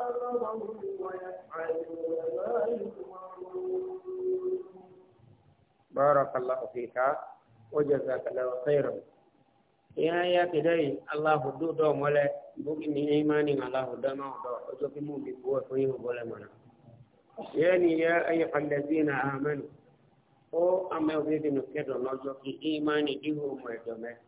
أمرهم ويفعلون ما يؤمرون بارك الله فيك وجزاك الله خيرا ya ya kidai allah du do mole bugi ni imani allah da ma do ojo ki mu bi bo so yi bole mana yani ya ayyuhal ladina amanu o oh, ame obi bi no kedo lojo ki imani di ho mo edo me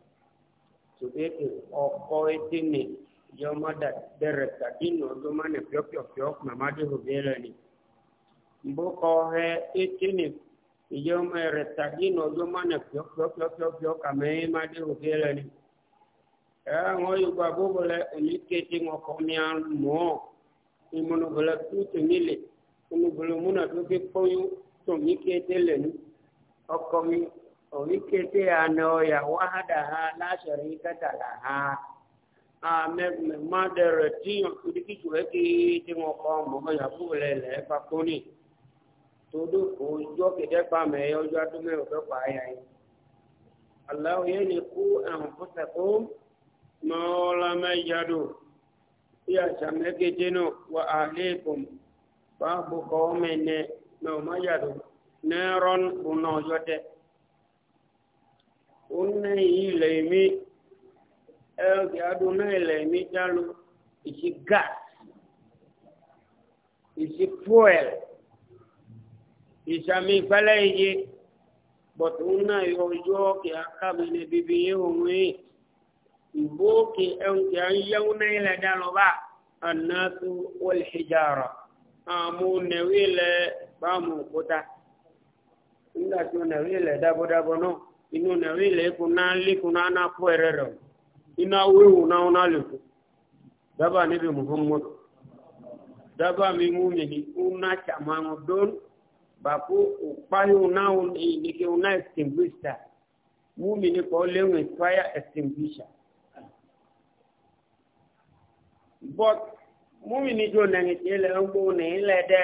to be o ko etini yọmọ da dẹrẹ tàbí nù ọdún má nì píọpíọpíọ màmá dé òbí ẹ lẹni mbókọ hẹ étíni ìyọmọ rẹ tàbí nù ọdún má nì píọpíọpíọpíọ kàmẹ ẹ má dé òbí ẹ lẹni ẹ àwọn yorùbá gbogbo lẹ òní kété wọn kọ ní àmọ ìmúnubọlẹ tó tèmi lè ìmúnubọlẹ múnà tó ké kpóyún tòmí kété lẹnu ọkọ ha amẹ́gbẹ̀ má dẹ̀rẹ̀ tíyàn kìdíkìtù rẹ̀ kéèké wọn kọ́ mọ́mọ́ yàgò rẹ̀ lẹ́ pàkóní todo ojú ọ̀kẹ́dẹ́ pa mẹ́ ọjọ́ adúmẹ́ ọ̀fẹ́ pa ayà yìí aláwọ̀ yẹn ni kú àwọn fúnṣẹ̀kó wa mẹ́yàdó bí àṣà mẹ́gẹ́dẹ́ náà wà á léèkùn báàbò kọ́ mẹ́nẹ́ mẹ́ ọ̀mọ́ yàdó náírọ́n bùnà ọjọ́ tẹ́ ó ní ilẹ̀ mi. ẹ̀rọ̀kì adúná ilẹ̀ ìmíjálú ìṣí gas fuel ìfẹ́lẹ́ iye bọ̀tù náà yọ ojú ọ̀kì akábi ní bíbí yé òun yìí ìbókè ẹ̀rọ̀kì ayéwò náà ilẹ̀ dálọ́bà anáàtú wọlé hijara àmú nẹ̀wé ilẹ̀ bámu òkúta nígbà tí ó nẹ̀wé ilẹ̀ dábọ́dábọ́ náà inú nẹ̀wé ilẹ̀ kùnà lẹ́kùnà náà fọ́ ẹ̀rẹ́ rẹ̀ o. ina wewu na unalifu daba nabi muhammad daba mi mumini una chamano don baku upali una unike una extinguisher mumini kwa ule un fire extinguisher but mumini jo nangi tele ngo ne ile de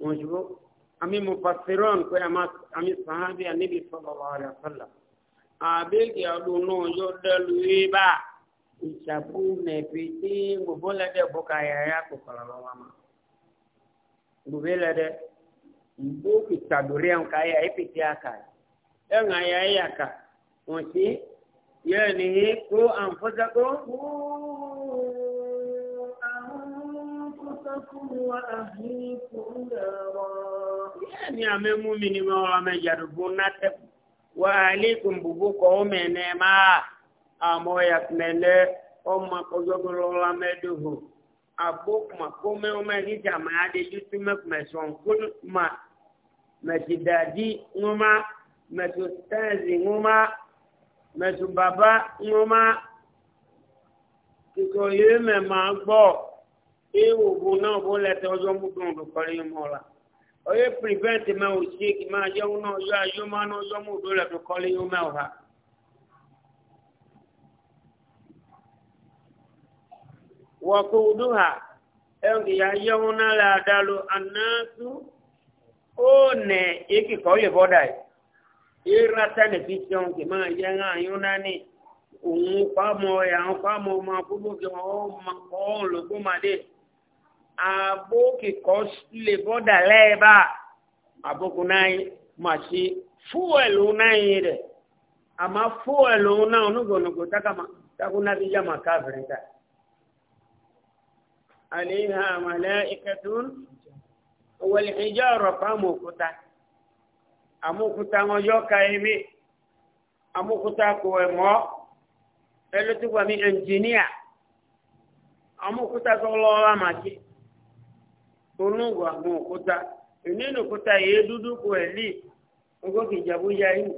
mujbu ami mufassiron kwa ama ami sahabi anibi sallallahu alaihi wasallam abegi aluno yodalu iba ìṣàbù mẹ̀pẹ̀tì gbogbo lẹ́dẹ̀ bọ́ka yàrá kò kọ̀rọ̀ lọ́wọ́ ma gbogbo lẹ́dẹ̀ ìgbó ìtàdórí àwọn káyà ìpìtì àkà ẹ̀rùn àyà ẹ̀yà kà wọ́n sí yẹ́ ni kó àǹfọ́sẹ́kó. yẹ́ ni àmẹ́mú mi ni wọ́n wà mẹ́jà dùgbò náà tẹ̀kù. وعليكم ببوكم نما أمو يكمل أما قزوغلو لمدوه أبوك ما كومي وما نيجا ما عدي جتمك ما سنكل ما ما تدادي وما ما تستازي وما ما تبابا وما kíkọ yìí mẹ́ máa gbọ́ ewu bu náà bó lẹ́tẹ̀ ọjọ́ mú dùn ọ̀dùnkọ́rí mọ́ra oye oh, prevent ma o se ki ma yẹ wọn yọ ayọ ma náà yọ mú òdó lẹbi kọlé yóò mẹ wá. wọ́kú òdó ha ẹnkì ya yẹ wọn náà lè dàlú anáàtú ó nẹ èkì kọ́ lè bọ́dà yìí ìrà sẹ́ni fi ṣe òǹkì máa yẹ ń ayọ́ náà ní òun pàmò ẹ̀ àwọn pàmò ọmọ akúgbò kí wọ́n máa kọ́ ọ́ lọ́gbọ́n máa dé abo kìkọ́ lè bọ́dà lẹ́ẹ̀bà àbùkù náà mà sí fúwẹ̀lù náà yìí rẹ̀ àmọ́ fúwẹ̀lù náà onígbòǹgbò takama takuna bí yàmà káfìrí ta. àléhà màlẹ́ ìkẹtùn wọlé ìjọ ọ̀rọ̀ kuta mọ̀ òkúta àmúkúta wọn yọ ka ẹ̀mí àmúkúta kò ẹ̀ mọ́ ẹlẹ́tùgbàmí ẹnjìníà àmúkúta tó lọ́ọ́ lámàkì. onu àgbọn òkúta okuta ní okuta ihe dudu ko eli lé ogójì ìjàmbá ya yìí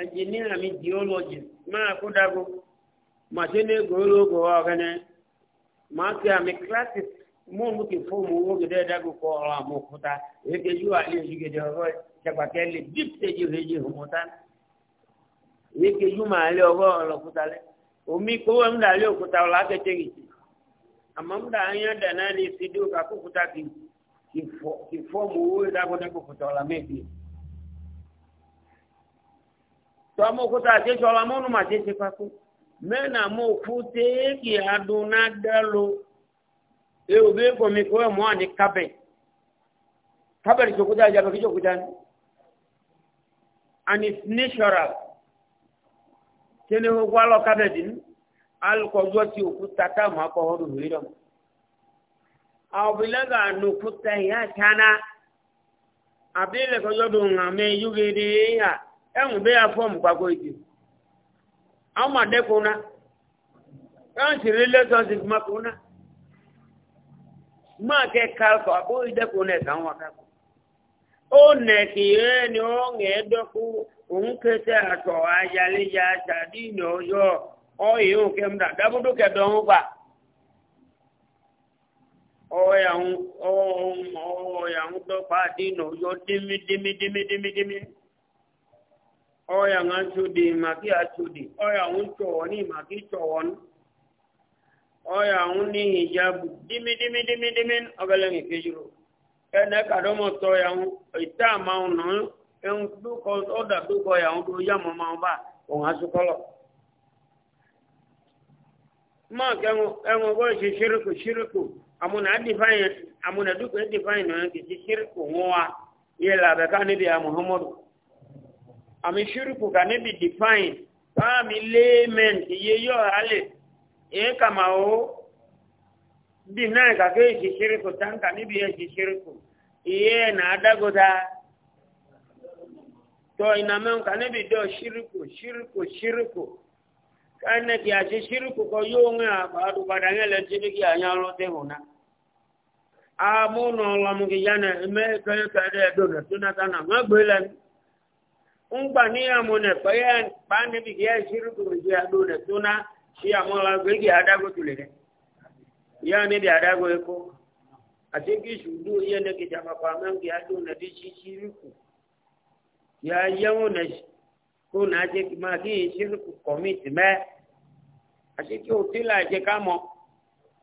ẹnjìníà mi geology máa kó dago màṣẹ́ni gbòòlógò wa ọ̀kẹ́nẹ́ ma kí àmì classes mú mú kí fóònù owó gèdè dago kọ ọ̀rọ̀ àmọ́ òkúta èyí kejì wà ní èyí gèdè ọ̀rọ̀ omi amamda anya dana ni sidu kakukuta ki kifo kifo muwe dako dako kutola mebi to mo kuta je chola monu ma je se paku mena mo kute ki aduna dalo e obe ko mi ko mo ani kabe kabe ni kuta ja ki kuta and it's natural tene ho gwalo kabe din alukɔjɔ òkúta tá a máa kọ́ ọ́ lórí rẹ̀ mọ́. àwòbílẹ́gà nùkúta ìyá tánà àbí ilẹ̀kọ́jọ́ tó ń hàn mí yúgede yà ẹ̀hún bẹ́ẹ̀ yà fọ́ọ̀mù pàkó àwọn àdẹ́kùn náà ẹ̀hún sì rí lẹ́tọ̀ọ̀sì mọ́kùn máa kẹ́ kálkọ̀ àbó ìdẹ́kùn náà kàn wá ó nẹ̀ kì í ni ó ń ẹ̀ dọ́kú òun kẹsẹ̀ àtọ̀ ìnà oyi o kem da da budu ke don ba o ya un o o ya un do pa di no yo dimi ya a hijab dịmị dịmị ene ya ya ma ba o Ma ẹ̀wọ̀n ọgọ́rùn ṣe ṣírìkù ṣírìkù àmúnà àdìfáyìn àmúnà dúkù ẹ̀dìfáyìn náà kì í ṣírìkù wọn wa yẹ làbẹ̀ ká níbi àmuhammadu àmì ṣírìkù ká níbi dìfáyìn fáàmì léèmẹ̀n kì yé yọ àlẹ̀ èé kàmà ó bí náà kàkẹ́ ìṣe ṣírìkù táǹkà níbi ẹ̀ ṣe ṣírìkù ìyẹ́ ẹ̀ nà ádágọ́dá tọ́ ìnàmẹ́ǹkà níbi dọ́ ṣírìkù ṣírìkù ṣírìkù kane ki ashishiri kuko yonge abadu badange lentini ki anyalo tehuna amuno lamu ki na me kaya kaya dona tuna tana ngabelen ungba ni amune payan pande bi ki ashiri kuko na adona na si la amola ki adago tulere ya ne bi adago eko ati ki shudu yene ki jama kwa mengi adona di shishiri siriku ya yewo na shi kó na jẹ́ kí máa kí n ṣírùkù kọ̀mìtì kí o tí là jẹ́ ká ẹ máa ha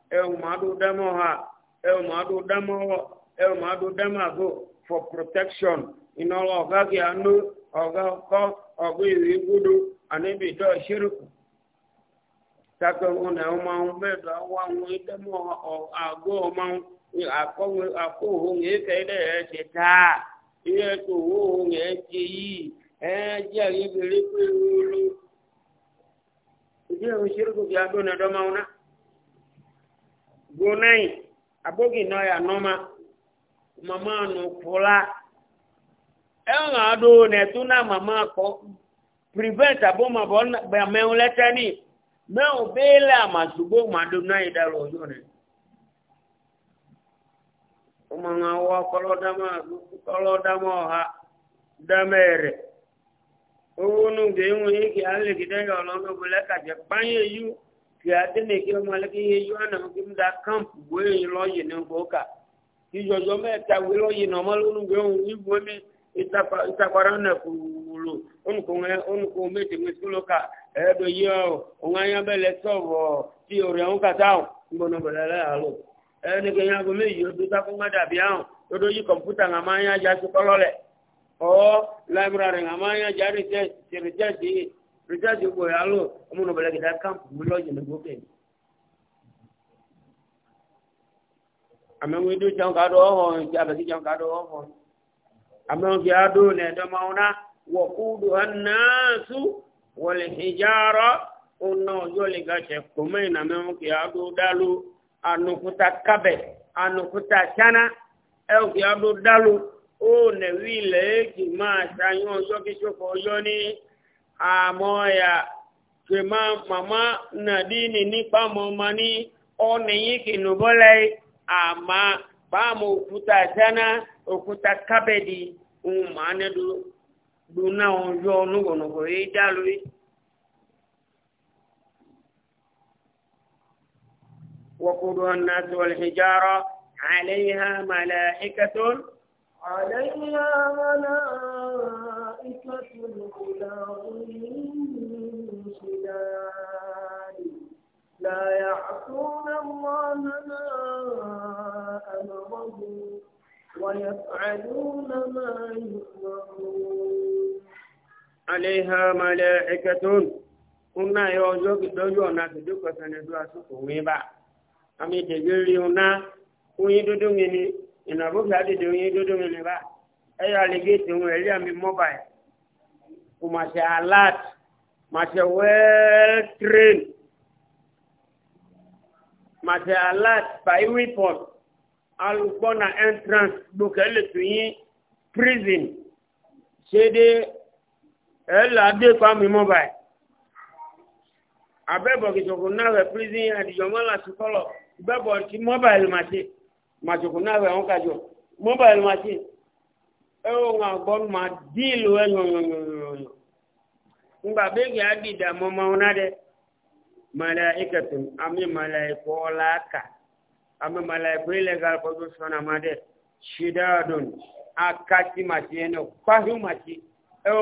ẹ ò máa dó ẹ for protection iná kí a ló ọ̀gá ọkọ ọ̀gbẹ́ ìwé gbódò àníbi ìtọ́ ṣírùkù takẹ́ wọn máa ń ọmọ ohun àkóhùn yìí kẹ́ ilé ẹ̀ ṣe táà ilé ẹ̀ tó ohun ẹ̀ẹ́dì àríbèrè pé olú ìdí ẹ̀rùn ṣírùkù fi agbóhùn ẹ̀dọ́mọ ọ̀nà gbónáì abógi náà yà nọ́mà màmá nù kúlá ẹ̀rùn àdó nẹ̀tún náà màmá kọ́ prevent abómọ̀bọ̀ bẹ̀mẹ̀hún lẹ́tẹ́ ní mẹ́hùn bẹ́ẹ̀lẹ̀ àmàṣùgbò màdó náà ìdárò ọjọ́ rẹ̀ ọmọ àwọn ọkọlọ́dámọ́ ọ̀ha dámẹ́rẹ̀. owó nù gbé wọn yìí ya á lè kí dẹ́yìn ọlọ́dún gbé lẹ́kàjẹ́ páyé yú kì á dé nìkí ọmọ yé yú kí n da kámpu wéyìn lọ́yìn ní gbòókà kí yọjọ mẹ́ta wí lọ́yìn ọmọ lónú gbé wọn yìí gbó mi ìtakpara nà kúlù onukó méjì mi sùlù ká ẹ̀ẹ́dọ̀ yí ọ òun ayá bẹ́ẹ̀ lẹ sọ̀rọ̀ tí òrìà ń kàtà or oh, library amanya jari test research research ko yalo amuno bela kita camp muloje na gobe amen do jang ka do ho ja ba ki jang ka do ho amen ki ado ne do mauna wa qudu annasu wal hijara unno yole ga che kumai na men ki ado dalu anukuta kabe anukuta chana el eh, ki ado dalu ó nẹ̀wí ilẹ̀ èkì máa ṣàyàn ọjọ́ kí ṣòfò ọjọ́ ní àmọ́ ẹ̀yà kèmá màmá nàdínì nípa mọ́ ma ní ọ̀nìyí kìnnù bọ́lẹ̀ àmà báàmù òkúta dáná òkúta kábẹ́ẹ̀dì ohun màá nẹ́dú dúnà ọjọ́ nùgbọ̀nùgbọ̀ yìí عليها ملائكة غلاظ شداد لا يعصون الله ما أمرهم ويفعلون ما يؤمرون عليها ملائكة una yọ ọjọ́ ìdọ́jú ọ̀nà àtẹ̀dẹ́kọ̀ọ́sán ẹ̀dọ́ àsopọ̀ wíńbà àmì ìdẹ̀gbẹ́rì una oyin dúdú yìí ni ìnàbókè àdèdè oyin dódó mi nìbá ẹyọ àlégéètì ohun ẹrí àmì mobile kò mà ṣe alert mà ṣe well trained mà ṣe alert by report alùpùpọ̀nà entrance gbòkè lẹ́tù yín prison ṣe dé ẹ̀là àdèkọ́ àmì mobile abẹ́bọ̀ kìtọ̀kùn náà rẹ̀ prison àdìjọ́mọ́là sùkọ́lọ̀ bẹ́bọ̀ ti mobile mà ṣe. màtòkù náà wẹ̀ a kájọ mobile machine ẹ ó ń àgbọ̀ máa díìlù ẹ yọ̀nyọ̀nyọ̀nyọ̀ ńgbà bẹ́ẹ̀gì àdìdà mọ́mọ́ ọ̀nà dẹ màláìkàtù àmì màláìkù ọ̀làkà àmì màláìkù illegal production àmàdẹ ṣìdáàdùn akati màtí ẹni kwahiu màtí ẹ ó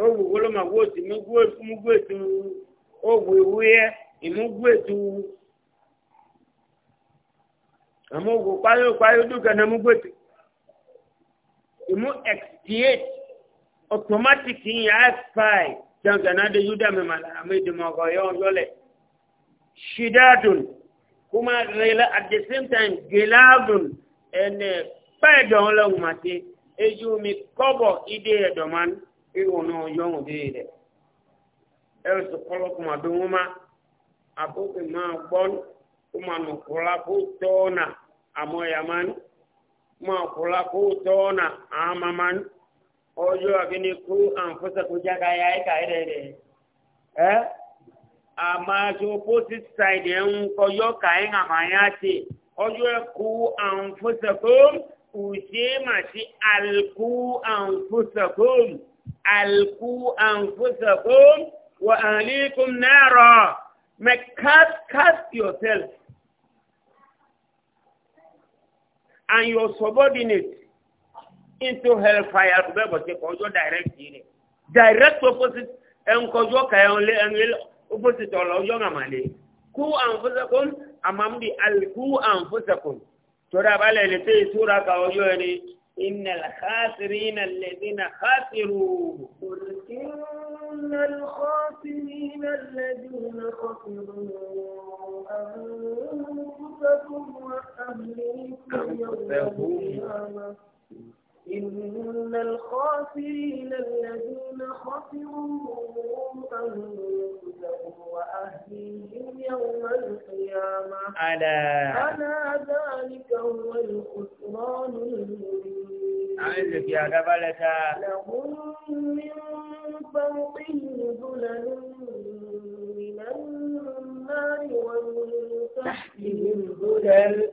owu wolo ma wo ti mu gu etu owu ewu yɛ imu gu etu amu owu kwayo kwayo du kana mu gu etu imu expiate automatic yi ya expire jẹun kana de yuda mi ma la amu idimọ kọ yọ ọjọ lẹ shidatun kuma rela at the same time geladun ẹnẹ pẹẹdọn lọhùn ma ti eju mi kọbọ ide ẹdọ ma ni. iwo na yọ̀hún bíi rẹ̀ a kọ́lọ́kùn àdóhùnmá àbókè máa gbọ́n kó máa nù kúrá kó tọ́ọ̀nà àmọ́ ẹ̀yà máa ń máa kúrá kó tọ́ọ̀nà ya ẹ̀ka ka ẹ̀ ń àmàyà alku anfusakum wa ahlikum nara. Me cast, cast yourself and your subordinate into hellfire. Kò bẹ́ẹ̀ bọ̀ ṣe kọjọ́ direct yìí Direct opposite ẹnkọjọ́ kàyọ̀ lé ẹnlẹ́ opposite ọ̀la ọjọ́ ngàmàlẹ́. Kú anfusakum àmàmdi alku anfusakum. Tọ́ra balẹ̀ lè tẹ́ ìtura ka ọjọ́ ẹni. إن الخاسرين الذين خسروا إن الخاسرين الذين خسروا أنفسهم وأهليهم يوم القيامة إن الخاسرين الذين خسروا أنفسهم وأهليهم يوم القيامة ألا ألا ذلك هو الخسران المبين أعزك يا قبلة لهم من فوقهم ذلل من النار ومن تحتهم ذلل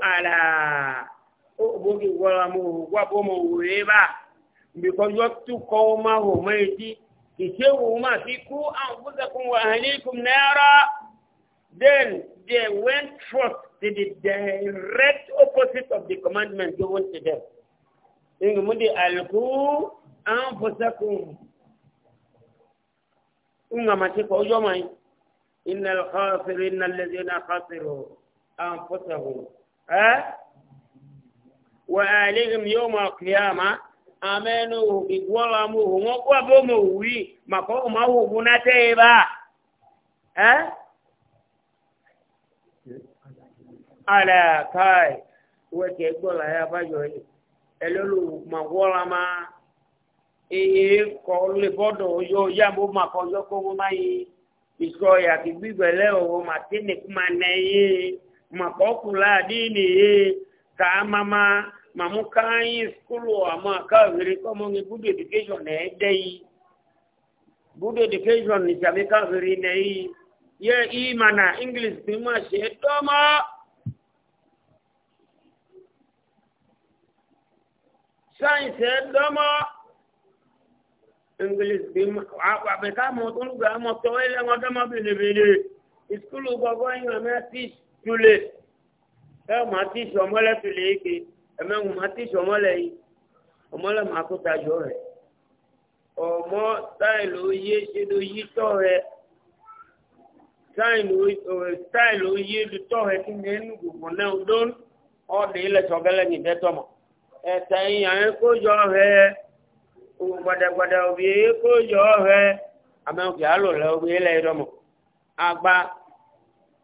ala o bogi wala mo wa bo mo weba because what to call ma ho meji kise wo ma fi ku anfusakum wa ahlikum nara then they went forth to the direct opposite of the commandment given to them in mundi alku anfusakum unga matiko ojo mai innal khasirin alladhina khasiru anfusahum eh wa alihim yawma qiyama amenu igwala mu ngo kwa bomo wi mako ma hu bunate ba eh ala kai weke ya bayo yi elolu magwala ma ee ko le bodo yo ya mo ma ko yo ko mo mai ya ki bibele o ma tene kuma na yi mapokula dini ye ka ka anyị skulu ama ka viri komo ngi education e education ka viri nei ye i mana english bima she toma science e toma english bima abe ka mo tolu ga mo to ele mo toma bele skulu tule ẹ ọmọ àti ìṣọ ọmọlẹ tule eke ẹmẹ ọmọ àti ìṣọ ọmọlẹ yìí ọmọlẹ máa kó tajọ rẹ ọmọ táìlì oyé ṣe ló yí tọ rẹ táìlì oyé ló tọ rẹ kí ni ẹnu gbogbo náà dún ọdẹ ilẹ sọgẹlẹ ní ìdẹtọmọ ẹtẹ ìyàn ẹ kó jọ rẹ òwò gbadagbada òbí ẹ kó jọ rẹ àmọ òbí àlọ rẹ òbí ilẹ ìdọmọ àgbà.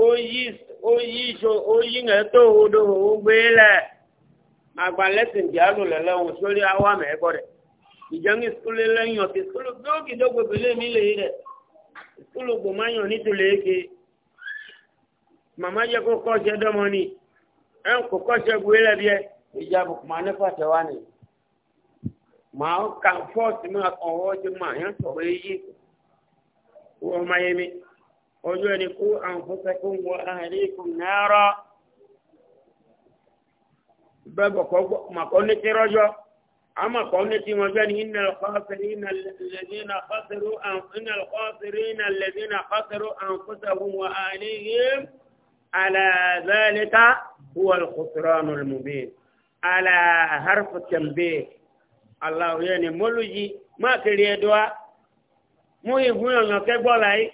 oyi oyi so oyi ŋa tó o do o gbé lɛ a lò lẹlẹ o sórí awa mẹ ẹ kọ dẹ ìjọngi sukulu lẹ yàn tí kì í dọgbò pẹlú lè má yàn nítorí eke màmá jẹ kó kọsẹ dọmọ ni ẹ kò kọsẹ gbé lẹ bíẹ ìjà ọjọ́ ẹni kú àǹfọ́sẹ́kùn wọ àríkùn náírà bẹ́bọ̀ màkọ́ ní tí rọ́jọ́ a màkọ́ ní tí wọ́n jẹ́ ní iná lọ́kọ́sìrínà lẹ́dínà kọ́sìrú àǹfọ́sẹ́kùn wọ àríkùn alàzálẹ́ta huwa alkùsùránù lùmùbí alàhárfù tẹ̀m̀bẹ̀ aláwọ̀ yẹn ni mọ́lùjì má kiri ẹ̀dọ́ mú ìhun ọ̀yàn kẹ́gbọ́ láyé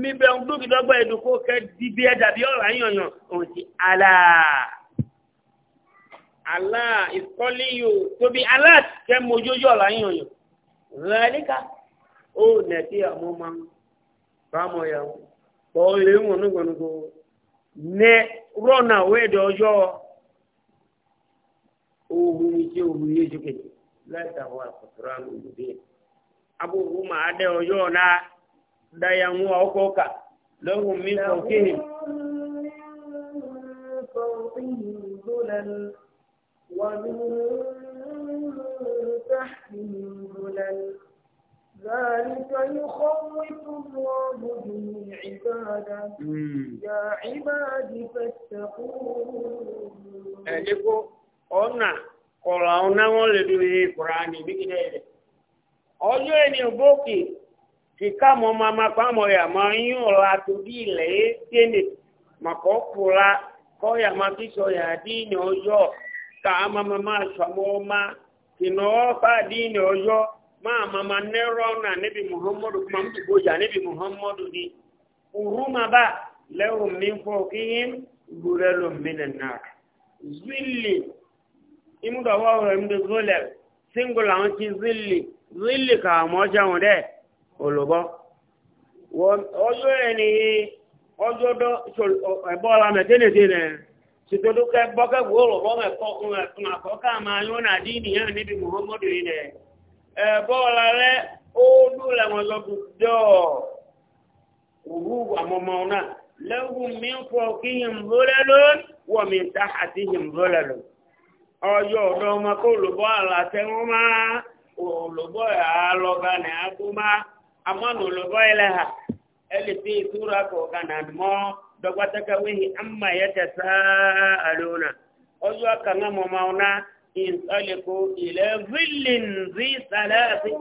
mi bẹ ń dókì dọ́gba ìdókò kẹ dìbí ẹ dàbí ọ̀rọ̀ àyànyàn òun ti àlà àlà ìkọ́lé yòó tóbi àlà kẹ mojójú ọ̀rọ̀ àyànyàn rẹ̀líkà ó nẹ̀tí àmọ́ máa ń bámọ̀ yà wọ́n pọ̀ ilé wọn nígbàgbọ́ nẹ rọ́nà wẹ́ẹ̀dẹ̀ ọjọ́ ohun ìṣe ohun yéjú kejì láìsàwọ̀ àkọsọ̀rọ̀ àwọn olùdíyẹ abúrú máa dẹ náà dayangu okoka lahum hmm. min fawqihim ومن تحتهم ظلل ذلك يخوف الله به عباده يا عباد فاتقون ẹ̀dínkù ọ̀nà kọ̀ọ̀lá ọ̀nà wọn lè dúró ní kùránì bí kìí dẹ́ ẹ̀dẹ̀ ọjọ́ ẹni ọ̀bọ̀kì kìka mọ eh, mama pamọ ya mọ yín ọ̀la tó bí ilẹ̀ yé tẹ́lẹ̀ màkọ́ kura kọ́ ya ma fi sọ ya dí ní ọjọ́ ká mama ma sọmọ ma kìnà ọ̀fà dí ní ọjọ́ má mama nẹ́rọ̀ nà níbi muhammadu kuma mú tìbó ya níbi muhammadu di urumaba lẹ́hùn mi fọ kí yín gbúrẹ́ ló mi nà nà zili imúdọ̀wọ́ rẹ̀ ń bẹ zọlẹ̀ síngùlà ń ti zili zili kà mọ́ jẹun dẹ́. olùbọ́ ọjọ́ ẹni ọjọ́ dọ́ ẹ̀bọ́ la mẹ̀tẹ́nẹ̀tẹ́ nẹ̀ sìtòdó kẹ bọ́kẹ́ wò lọ́wọ́ mẹ́ kọ́kùn ẹ̀kùn àkọ́kà máa na náà dín níbi muhammadu yìí nẹ̀ ẹ̀bọ́ la lẹ́ mi ta ala wọn amanu lubaila alifi sura ko kanan mo dogwa taka wehi amma yatasaaluna ojo kanga mo mauna in saliku ila zillin zi salasi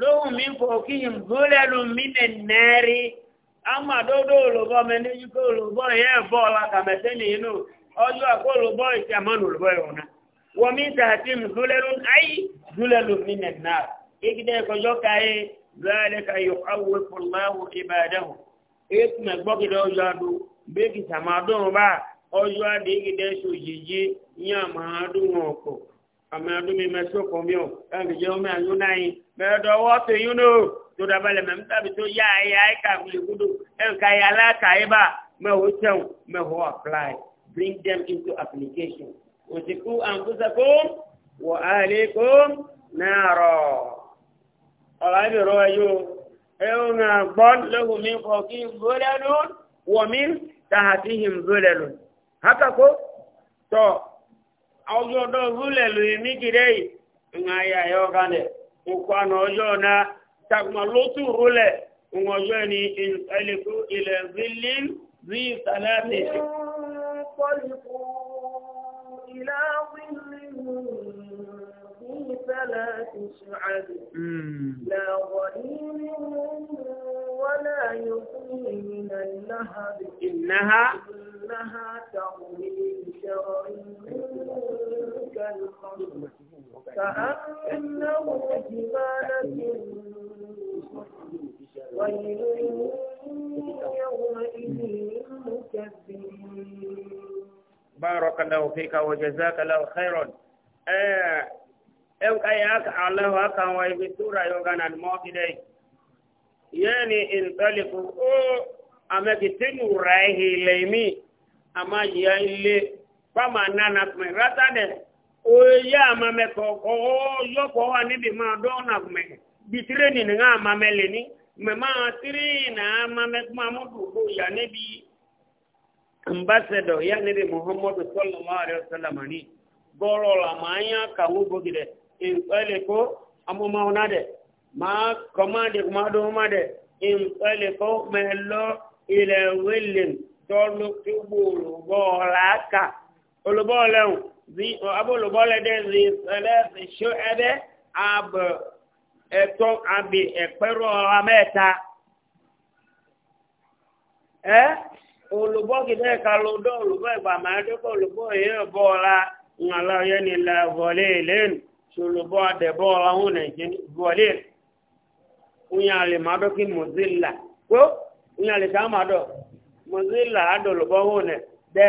lóhùn mi kò kí n bólẹ́lu mi nẹ̀ nẹ́rí. ama dodo olùbọ́ mi ní yíkó olùbọ́ yẹ ẹ̀fọ́ ọ̀la kàmẹ́sẹ́ ní inú isi àkó olùbọ́ ìṣàmọ́n olùbọ́ ìwọ̀nà wọ́n mi tààtì mùsùlẹ́rù ayé dúlẹ́lù mi nẹ̀ náà ìgbẹ́ ìkọjọ́ káyé lọ́ọ̀lẹ́ ka yọ awé fúláwù ìbàdàn ètùmẹ̀ gbọ́kìdọ̀ ọjọ́ adó bẹ́ẹ̀kì sàmàdùn bá ọjọ́ adé ìgbẹ́ sòjìjì mi mi to da bala mem ta to ya ya ka kuli gudu en ka ya la ka e ba me ho chen me ho apply bring them into application O wasiku anfusakum wa ahlikum nara ala bi rawayo ẹ̀hún àgbọ́n lọ́wọ́ mi kọ̀ kí gbọ́lẹ́lún wọ̀mí tàhàtíhìm gbọ́lẹ́lún. Hákàkó tọ̀ ọjọ́ ọdọ́ gbọ́lẹ́lún mi kìrẹ́ yìí, ń ayà yọ kalẹ̀, ń kọ́ àná ọjọ́ náà. tagma lotu rule ngojoni إلى ظل ذي zi salati إلى ظل ذي ثلاث شعب لا ظليل ولا يغني من اللهب إنها إنها ترمي بشر كالقمر كأنه جمالة ويل يومئذ للمكذبين بارك الله فيك وجزاك الله خيرا أو أياك الله أكا ويبتورا يوغانا الموكدي يعني انطلقوا أو أمكتنوا رايه ليمي أما يالي فما نانا من رتانه oye amamɛkɔ kɔ yɔkɔ wa níbi ma dɔɔna mɛ bitireni ni ŋa amamɛ leni mɛ máa tiri na amamɛ kuma mɔdu ko ya níbi ambassador ya níbi muhammadu sallallahu alayhi wa ni bɔlɔ la maa nya kawo bogi dɛ nkpɛle ko na dɛ kɔma de kuma ma dɛ nkpɛle ko mɛ lɔ ilẹ̀ wele tó zi abolobo le ɖe zi ele sio ebe abe etɔ abe ekpeɖɔ ame ta ɛ olobo kele kalo ɖe olobo egbama ɖe kɔ olobo e bɔ la ŋala ye ni le vɔle le olubo aɖe bɔ la ŋu ne dzi vɔle ŋunya le ma ɖo ki mozilla ko ŋunya le ta ma ɖo mozilla aɖe olobo ŋu de.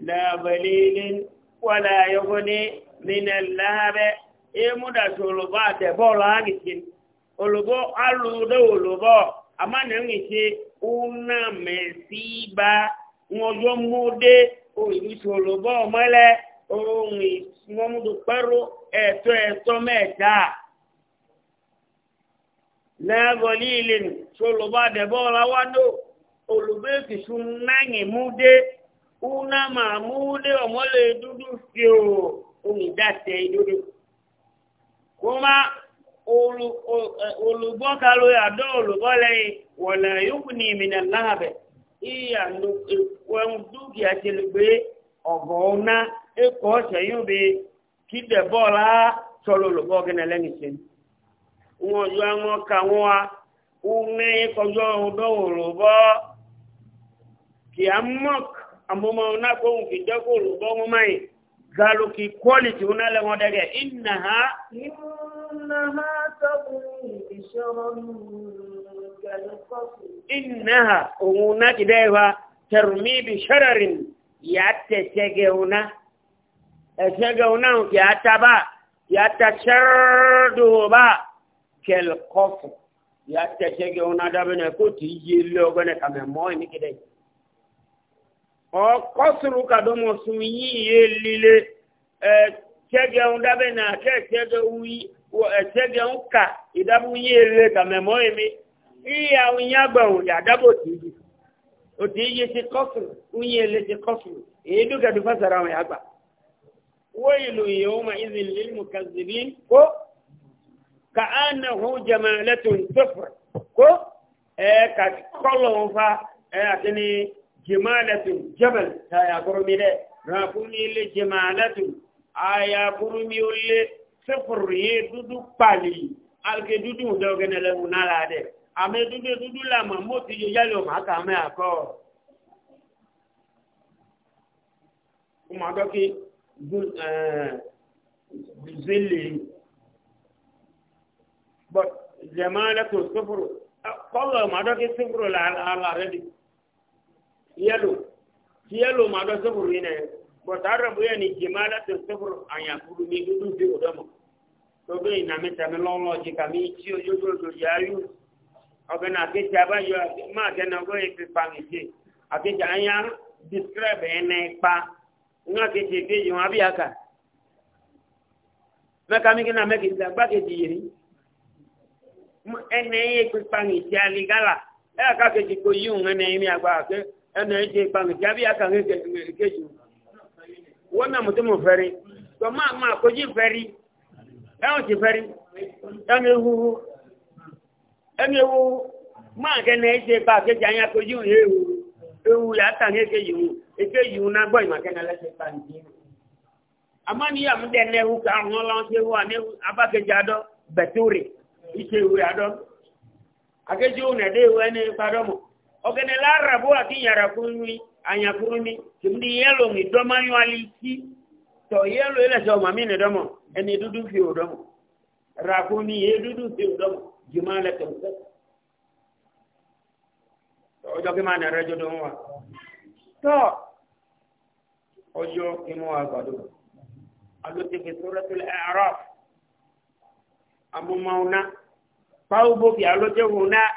لا بليل ولا يغني من اللهب إمدى سلطات بولا a olùbọ́ alùdó olùbọ́ amánìrìnṣe una mẹ̀síba ńọjọ́ múdé olùṣe olùbọ́ mọ́lẹ̀ ohun ìwọ́mùdùpẹ́rù ẹ̀tọ́ ẹ̀tọ́ mẹ́ta lẹ́gọ̀lì ilẹ̀ ṣolùbọ́ àdẹ̀bọ́ ọ̀làwádò olùbẹ́ẹ̀kì una mamude omole dudu fio umidate idudu kuma olùgbọ́ ka ló yà dọ́ olùgbọ́ lẹ́yìn wọ̀nà yókù ní ìmìnà láàbẹ̀ ìyà ìwọ̀n dúkìá ti lè gbé ọ̀gọ̀ ọ̀nà ẹ̀kọ́ ọ̀sẹ̀ yóò bẹ kí dẹ̀bọ̀ la sọ̀rọ̀ olùgbọ́ kí nílẹ̀ nìṣẹ́ ka kìá amoma una ko un ki jago lu bo mo mai galo ki quality una le mo dege innaha innaha tabri bi sharan innaha una kideva tarmi bi shararin yatte chege una e chege una ki ataba yatta shardu ba kel qofu yatte chege una dabene ko ti yele ogene kame mo ni kidai ọkọsùrù kàdọmọ sùn yìí yé líle ẹtẹgẹun dábẹ náà kẹtẹgẹun kà ìdábù yé lé kàmẹmọ èmi ìyá ònyàgbà òyà dábò ya òtí yé ti otu iji èlé ti kọsùrù èyí dúkàdú fásara àwọn àgbà wọ́yìlú ìyẹ́wọ́mọ ìzìn lílmù kàzìbí kó kàánà jimalatun jabal ta ya kurmi da rafuni le jimalatun aya kurmi ulle sifir ye dudu pali alke dudu da gane le munala de ame dudu dudu la ma moti yo yalo ma ka me ako kuma doki dul eh zilli but jimalatun sifir qalla ma doki sifir la ala redi yellow ti yellow ma do sufuru ine but arabu ya ni jimala to sufuru anya kudu mi dudu bi odomo to be na mi ta mi lolo ji ka mi ti ojo to do ya yu obe na ke ti abayo ma ke na go e pa mi ti ake ja anya describe ene pa nga ke ti ke yo abi aka ka mi kìnnà mẹ́kì ti agbákejì yìí ẹnẹ́ yẹ pípa ní ìtì àlìgálà ẹ̀ àkàkejì kò yí òun ẹnẹ́ yìí ní agbára pé ẹnna ẹjẹ ìpamẹ jábí akàwé aka wọn náà mọtò mọ fẹrí tó máa máa kojú fẹrí ẹwọn ti fẹrí ẹnu ewúwú ẹnu ewúwú máa kẹ́ni ẹjẹ ìpa kejì ma akojú yẹ ewu ewu yà á tà ní èkejì wù èkejì wù náà gbọ́ ìmọ̀ kẹ́ni ẹlẹ́sẹ̀ ìpa nìyí. àmọ́ ní yàmú dẹ̀ ní ewu ka ọ̀hún ọlọ́run ṣe wù àní abákejì adọ́ bẹ̀túrì ìṣe ewu yà adọ́ ogene la rabu ati yara kunwi anya kurumi yelo ni doma yo aliki to yelo ile so mami ne domo eni dudu fi odomo rakuni ye dudu fi odomo jimala tamsa to ojo ke mana rejo domo wa to ojo imo agbado aluti fi suratul a'raf amumauna paubo bi aloje huna.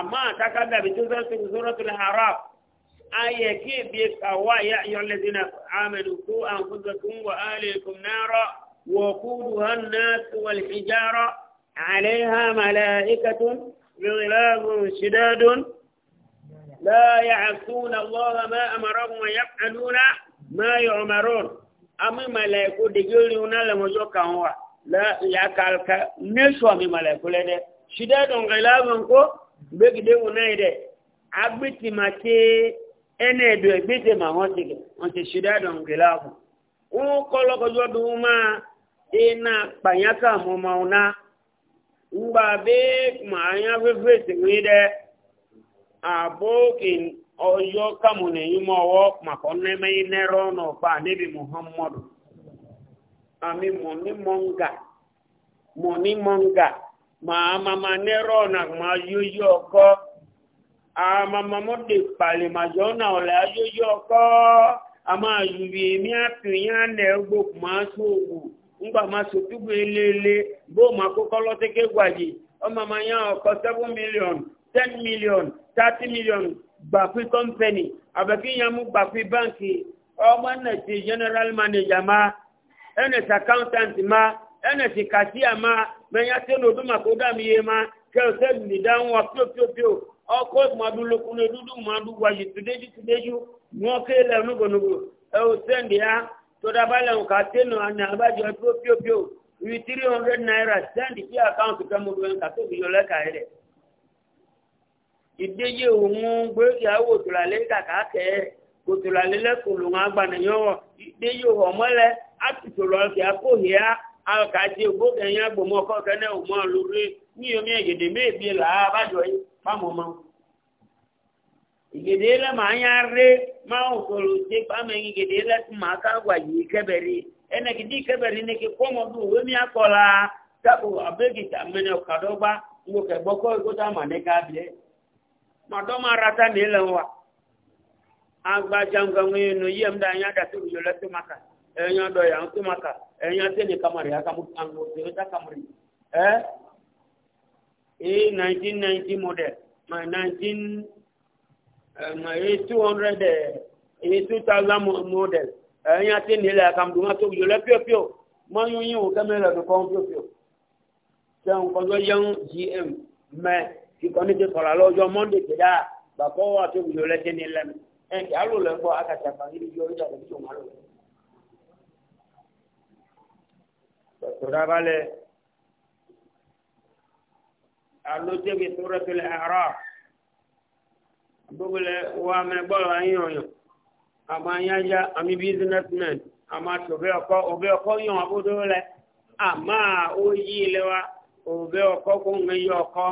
أما تكاد بجزء سورة الحراب آية كيف يا أيها الذين آمنوا قوا أنفسكم وأهلكم نارا وقودها الناس والحجارة عليها ملائكة غلاب شداد لا يعصون الله ما أمرهم ويفعلون ما يؤمرون أما ملائكة دجولون لما جوكا هو لا يكالك نشوى من ملائكة لدي شداد غلاب gbégidé wò náà dẹ̀ agbẹ́tìmàṣe ẹnẹ ẹ̀dọ̀ ẹgbẹ́tẹ̀ mà wọ́n ti wọ́n ti ahụ. dáadọ̀ ń gbèlá ọ̀hún. wọ́n kọ́ lọ́kọjọ́ dùn máa iná pàyàkà mọ́ máa ná ngba bẹ́ẹ̀ màá yá fẹ́fẹ́ tèwé dẹ́ àbókè ọjọ́ muhammadu màmá ma nẹ́rọ̀ nà má yóyó ọkọ́ àmàmà mọ́tò pàlèmàjọ́ nà ọ̀lẹ́ ayóyó ọkọ́ àmà àyùbí èmi àfihàn ànẹ́ gbogbo máa sóògùn ńgbà máa sòtúgbò eléèlé bó máa kókọ́ lọ́tẹ́kẹ́ gbàjì ọmọ máa yàn ọkọ̀ seven million ten million thirty million gbàpí company àbẹ̀kíyàmú gbàpí báǹkì ọmọ ẹnẹ̀sì general manager ma ẹnẹ̀sì e accountant ma ẹnẹ̀sì e cashier ma menya tie n'odu maka ụda m ma kese ndida nwa pio pio pio ọkụ mmadụ lokwu na edudu mmadụ gwaji tudeju tudeju nwoke ele nugonugo eutende ya todabale nka tenu anya abaji pio 300 naira fi ka ere ìdéyé òun gbégi àwọn òtòlálẹ́ kàkà kẹ́ alùkàtì ògbó kẹyìn agbòmọ ọkọ kẹnẹ òmọ lórí ní omi ẹgẹdẹ méèbí là á bájọ yìí fáwọn ọmọ ìgèdè lẹ ma yá ré máa ń sọrọ ma fáwọn ẹyin ìgèdè lẹ tí màá ká wà yìí mi akọla tako abegita mẹnẹ ọkadọgba ŋgo kẹgbọ kọ ikú wa agbadza ŋgọ̀ ŋun yìí nù yíyẹm dà ẹ̀yán dàtí òjò lẹ́tọ́ màkà ẹ̀yìn àti ẹ̀yìn kamari akamuru toyota kamari ẹ́ e nineteen ninety model my nineteen eh, my two hundred eh, eh, two thousand model ẹ̀yìn àti ẹ̀yìn ilẹ̀ akamuru ma tóbi yọlẹ̀ píọ̀píọ̀ mọ yún yín wò kẹ́mẹ́rẹ́ lọ́dún kan píọ̀píọ̀ sẹ́wọ̀n kọjọ́ yẹn gm mẹ́ ìkànnì ti sọ̀rọ̀ lọ́jọ́ monday kẹdà gbàkọ́ wà tóbi yọlẹ̀ tẹ́ni lẹ́nu ẹ̀ kí alò lẹ́gbọ́ akàtàkà yìí yọ ìjà lẹ́bi tó má lọ́wọ́. sọ̀tòdábalẹ̀ alótẹ́bi sórẹ́tìlẹ̀ àrà gbogbo wa mẹ́gbọ́lọ̀ ayé ọ̀yàn àmọ́ anyájá àmì bísínẹ́sìmẹ̀n àmọ́ àtòbẹ́ ọkọ́ òbẹ́ ọkọ́ yàn abúdó lẹ àmọ́ ó yí ilé wa òbẹ́ ọkọ́ kó ń yí ọkọ́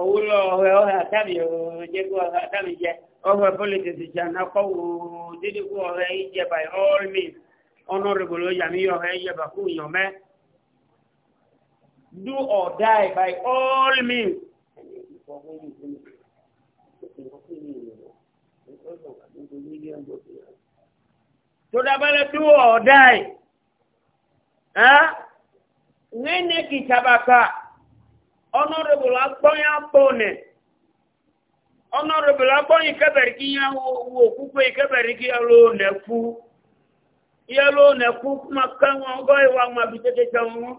owó lọ ọ̀hẹ́ ọ̀hẹ́ àtàbí ọ̀jẹ́ kó ọ̀hẹ́ àtàbí jẹ ọ̀hẹ́ politics by all means do or die by all means. To dabale do or die. Huh? Eh? Nene kichabaka. Honorable Akboya Pone. Honorable Akboya Kabarikiya Wokupe Kabarikiya Lo Nefu. Yalo Nefu Makanwa Goy Wang Mabitete Chamu.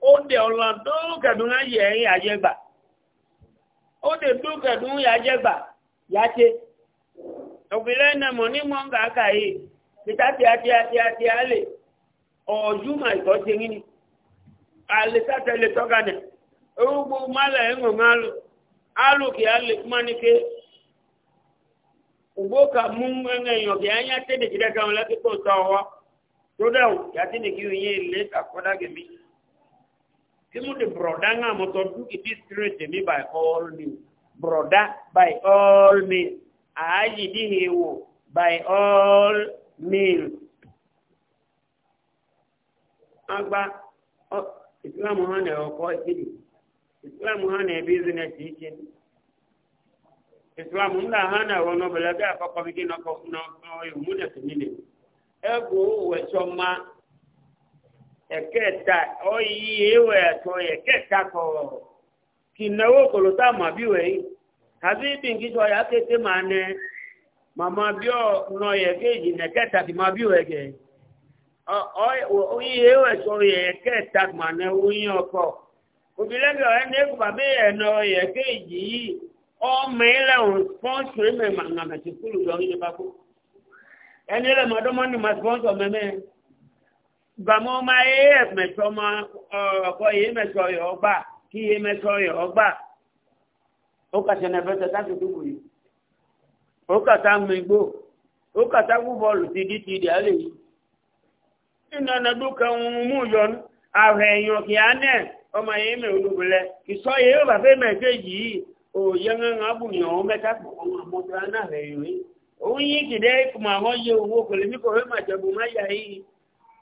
ó dẹ̀ ọ̀là tó kẹ̀dùn náà yẹ̀ ẹ̀yìn àjẹgbà ó dẹ̀ tó kẹ̀dùn yàjẹgbà yàtẹ̀ òkèlè nàmọ̀ ní mọ́ǹgà kàyé títà tíátíátíá lè ọ̀ọ́dúnmà ìkọ́sẹ̀ yín ni àlẹ́sàtẹ̀lẹ̀ tọ́ka nẹ̀ orúgbó mọ́lẹ̀ ẹ̀ngọ̀n alù alù kì á lè kúmọ́ ní ké ògbó ka mú ẹ̀ngẹ̀yàn kì á yá tẹ́lẹ̀ kí dẹ́ka wọn láti kó tọ́ ọwọ́ tó dẹ̀ yàtí nìkí yín lé kàkọ́dá gẹ̀mí. Kimu di broda nga moto du it is straight to by all means. Broda by all means. Aji di hewo by all means. Agba oh, Islam hana ọkọ ìkìlì. Islam hana business teaching. Islam ńlá hana wọn ọbẹ̀lẹ̀ bí àkọ́kọ́ bí kí nọkọ̀ ìmúdẹ̀sí nílẹ̀. Ẹgbò wẹ̀ṣọ́ máa ẹ̀kẹta ọ̀yí ewé ẹ̀tọ́ ẹ̀kẹta kọ̀ kìnnáwó kòlótà mà bí wẹ̀ yìí àbí bìnkì sọ ya kété màá nẹ màmá bí ọ̀ nọ yẹ kéjì nẹ̀kẹta kì má bí wẹ̀ gẹ̀ ọ̀yí ewé ẹ̀tọ́ ẹ̀kẹta mà nẹ oyin ọkọ̀ òbílẹ́gbẹ̀ ọ̀rẹ́ ní ẹ̀kọ́ bàbá ẹ̀nà yẹ kéjì yìí ọmọ ilẹ̀ òun spọ́nsù ẹ̀mẹ̀ màmá mẹ̀tì kúlù lọ ẹni lẹ́mọ̀ọ́dọ́mọ́ ni mà spọ́nsù ọmọ mẹ́rin. gbàmọ́ máa yé ẹ̀mẹ̀tọ́ máa ọ̀kọ́ yé mẹ́tọ́ yọ̀ ọgbà kí yé mẹ́tọ́ yọ̀ ọgbà ó kàtà nàfẹ́sẹ̀ láti dúkù yìí ó kàtà mẹ́gbò ó kàtà ti dí ti dì á lè yí. nínú ọ̀nà dúkà ń mú ààrẹ èèyàn kì á nẹ̀ ọmọ yé mẹ́ ìsọ ó bàfẹ́ mẹ́tẹ́ yìí ńlá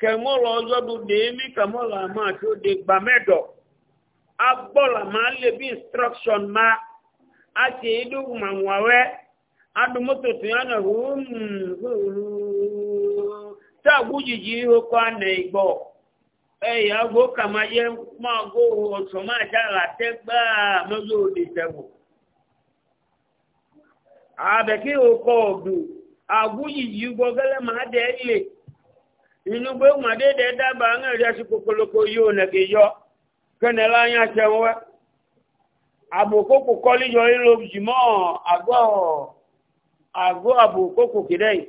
kẹmọ́lọ ọjọ́dún dèémí kẹmọ́lọ àmọ́ àti òde gbà mẹ́dọ̀ agbọ́là máa lè bí instruction ma a ṣe ìdókùn àwọ̀wẹ́ adùmọ́tò tó yàn náà tààgù jìjì okò ànà ìgbọ̀ ẹ̀yà gbó kàmá yẹ máa gbó ọ̀sán máa já làtẹ́gbà mọ́jọ́ òde tẹ̀wò àbẹ̀kí okò ọ̀dù àgù jìjì gbọ́gẹ́lẹ́ máa dẹ́ lè inugbe mwadede daba ngari si kokoloko yo na ke yo kene la nya chewe aboko ko koli yo ilo jimo ago ago aboko ko kidai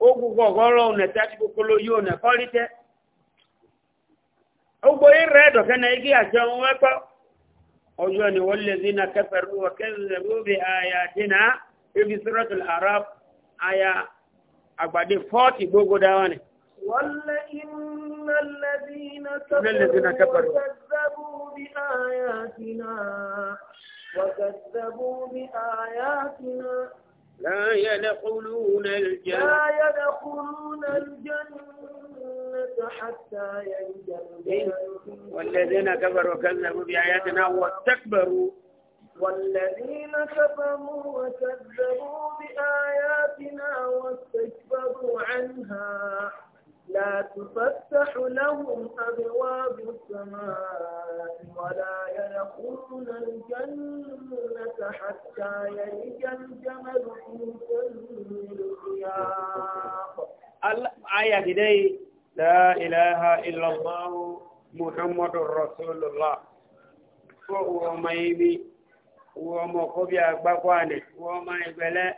ogu ko goro na tati kokolo yo na kolite ogbo ire e do kene igi e achewe ko ojo ni walladhina kafaru wa kazzabu bi ayatina fi suratul arab aya agbade 40 gbogbo dawani ولئن الذين كفروا وكذبوا بآياتنا وكذبوا بآياتنا لا يدخلون الجنة لا يدخلون الجنة حتى ينجلوا والذين كفروا وكذبوا بآياتنا واستكبروا والذين كفروا وكذبوا بآياتنا واستكبروا عنها لا تفتح لهم أبواب السماء ولا يدخلون الجنة حتى يلج الجمل في سن الخياط الآية دي لا إله إلا الله محمد رسول الله وهو ميمي وهو مقبي أكبر وهو ما يقبل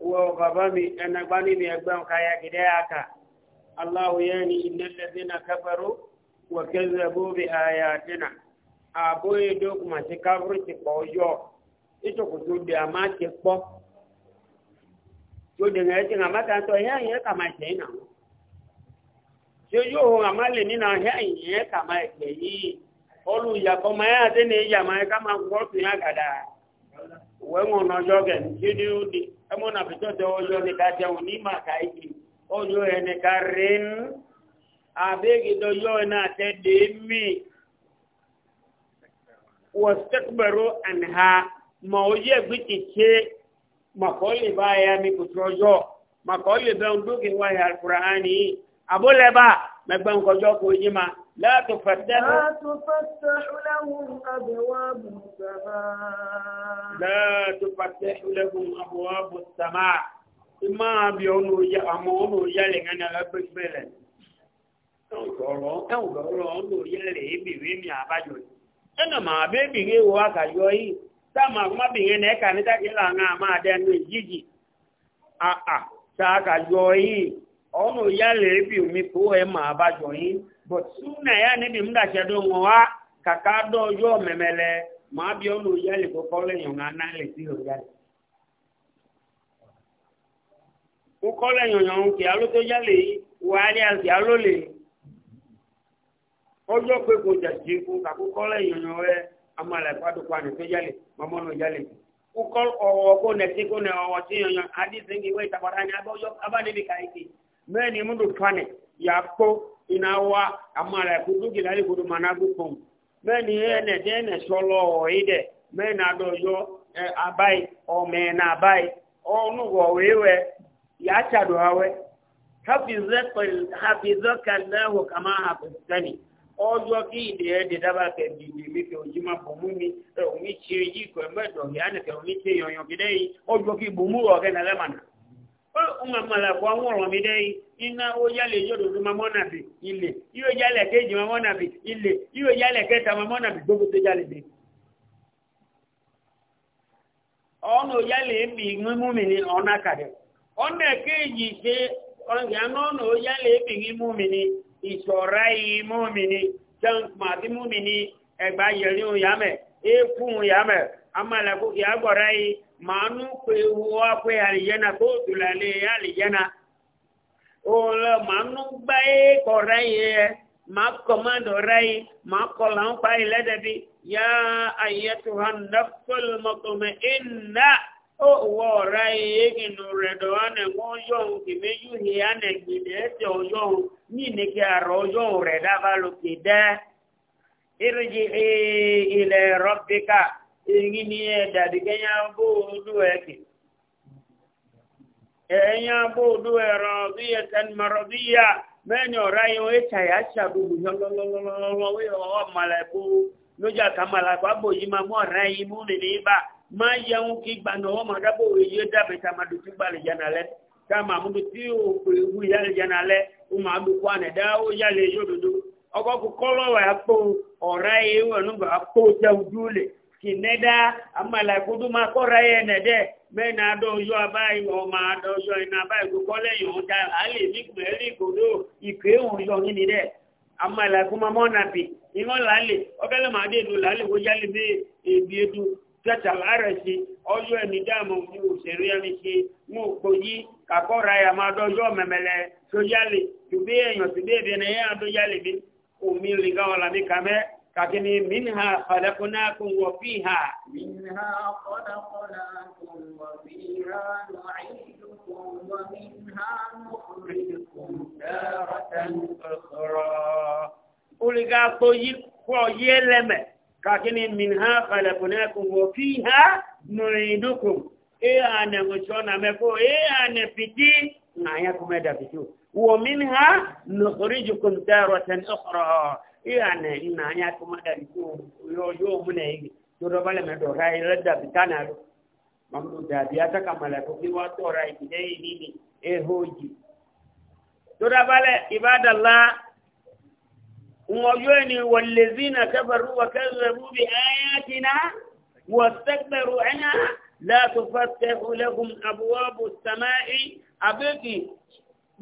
وهو بابامي أنا بني بأكبر كايا كده أكبر الله يعني إن الذين كفروا obi بآياتنا أبوي دوك ما تكفر تقوجو إتوكو تودي أما تكبو تودي نغيتي أما تانتو هيا هيا كما ho amale ni na hia yin kama yi. Olu ya ko ma ya ya ma e ka ma ko tu ya gada. We mo no jogen. Jidu di. E na bi to do yo ni ka je oni ma ka oyo ene karin abegi do yo na te demi wastakbaru anha ma oye gbitiche makoli baya mi kutrojo makoli be nduki wa alqur'ani abole ba megban kojo ko yima لا تفتح لا تفتح لهم أبواب السماء لا تفتح لهم أبواب السماء maa bí ọ̀nà òyà àmọ́ ọ̀nà la lè ń yàrá gbẹgbẹ rẹ̀ ọ̀rọ̀ ẹ̀wọ̀n ọ̀rọ̀ ọ̀nà òyà lè bèbè mi àbájọ yìí ẹnà màá bébì ń wo àkàyọ yìí táàmù àkọ́mọ́bìnrin náà ẹ̀ka níta kí làwọn a àdẹnu ìyíjì àà tá àkàyọ yìí ọ̀nà òyà lè bì mí but ukọ́lẹ̀ yọ̀nyọ̀ ń kì aló tó yálè wà á ní àti aló lè ọjọ́ pé kò jàdí kú kàkú kọ́lẹ̀ yọ̀nyọ̀ rẹ amala ìpàdé kwani tó yálè mọ́mọ́ náà yálè ukọ́ ọ̀wọ́ kó nẹ̀tí kó nẹ̀ ọ̀wọ́ tí yọ̀nyọ̀ adí sẹ́ńgì wẹ́ ìtàkọ́ra ni abọ́jọ́ abánibí káyìkì mẹ́ni múdù fani yà kó iná wa amala ìkúdú gìláyè kudu managu pọ̀n mẹ́ni ẹ̀nẹ̀ dẹ́nẹ̀ sọlọ ọ̀yídẹ̀ mẹ́ni adọ́jọ́ abayi ọ̀mẹ́ni abayi ọ̀nùwọ̀ wẹ́wẹ́ ya ta do hawe hafizaka Allahu kama hafizani ọjọ́ kí ìdè ẹ̀dẹ̀ dábàá kẹ̀dì ìdèmí kẹ òjìmá bòmú mi omi ṣe yí kọ ẹ̀mẹ́dọ̀ yánà kẹ omi ṣe yọ̀yàn kí dẹ́yìn ọjọ́ kí o ọ̀kẹ́ nà lẹ́mànà. ó ń mọ̀lá fún àwọn ọ̀rọ̀ mi dẹ́yìn iná ó yálẹ̀ yóò dòdò máa mọ́nà bì ilẹ̀ yóò yálẹ̀ kéjì máa mọ́nà bì ilẹ̀ yóò yálẹ̀ kẹta máa mọ́nà bì gbogbo tó yálẹ̀ bì. ọ̀nà yálẹ̀ bì mímú mi ni ọ̀nà kàdẹ̀ ọ̀nà kéèjì ṣe ọ̀nà ọ̀nà yálẹ̀ ebìnrin mú mi ni ìṣọ̀ra yìí mú mi ni junk màbí mú mi ni ẹgbà yẹrí ohun yá mẹ́ eékú ohun yá mẹ́ amálẹ̀kú kì á gbọ̀ra yìí màánú pé wo á pé àlìyẹ́nà tó tùlà lé àlìyẹ́nà òun lọ màánú gbá ẹ̀kọ́ rẹ̀ yẹ màá kọ́ má dọ̀ rẹ̀ yìí màá kọ́ là pa ilẹ̀ dẹ̀bi yá ayẹ́tù náà. òwò ọ̀rá eégi nù rẹ̀ dọ̀wánà wọ́n yọ̀hún kìmí yúhi ánẹ̀gì ẹ̀ẹ́sẹ̀ ọ̀yọ̀hún ní ìnìkì àrọ̀ ọ̀yọ̀hún rẹ̀ dábà lókè dẹ́. iriji ilẹ̀ rọ́bíkà èyí ni ẹ̀ dàbí kẹ́yà bó odú ma yẹun kí gbanà wọn ma dábò yé dábẹ tá a ma dùtú gba àlìjáná lẹ tá a ma mú tí o pè wú yá àlìjáná lẹ o ma lu kó àná dá o yá lè yó dodo ọkọ kó kọlọ wà kó ọrẹ yé wọn nù bá kó jẹun dúró lè kì nẹdá amala kudu ma kọrẹ yẹ nẹdẹ bẹẹ náà dọ yọ abáyé ọmọ àdọ yọ iná abáyé kó kọlẹ yọ ọ dá alẹ mi kùn ẹ lè gòdò ìké òun yọ yín ni dẹ amala kó ma mọ nàbì ìwọn làálẹ ọkẹlẹ tẹ́tà lára ṣe ọjọ́ ẹni dáàmú ní òṣèré ẹni ṣe mú òpó yí kàkọ́ra yà máa dọ́jọ́ mẹ́mẹ́lẹ́ sójálè tùbí èèyàn tùbí èdè ní yẹn àdójálè bí omi lìgá wọn làbí kàmẹ́ kàkíní mìnhà kọ̀dẹ́kùnákùn wọ̀ fí hà. mìnhà kọ̀dẹ́kùnákùn wọ̀ fí hà nùcìdùkùn wọ̀ mìnhà nùcìdùkùn dáàrọ̀tàn kọ̀ọ̀rọ̀. olùkà kpọ̀ yí lẹ́mẹ̀ẹ́ kakini minha khalaqnakum wa fiha nu'idukum e ane ngochona meko e ane piti na yakumeda pitu wa minha nukhrijukum taratan ukhra e ane na yakumeda pitu yo yo mune hiki todo bale medo rai redda pitana ro mamdu dadi hata kama la toki watu rai kidei nini e hoji todo bale ibadallah وجوني والذين كفروا وكذبوا بآياتنا واستكبروا عنها لا تفتح لهم أبواب السماء أبكي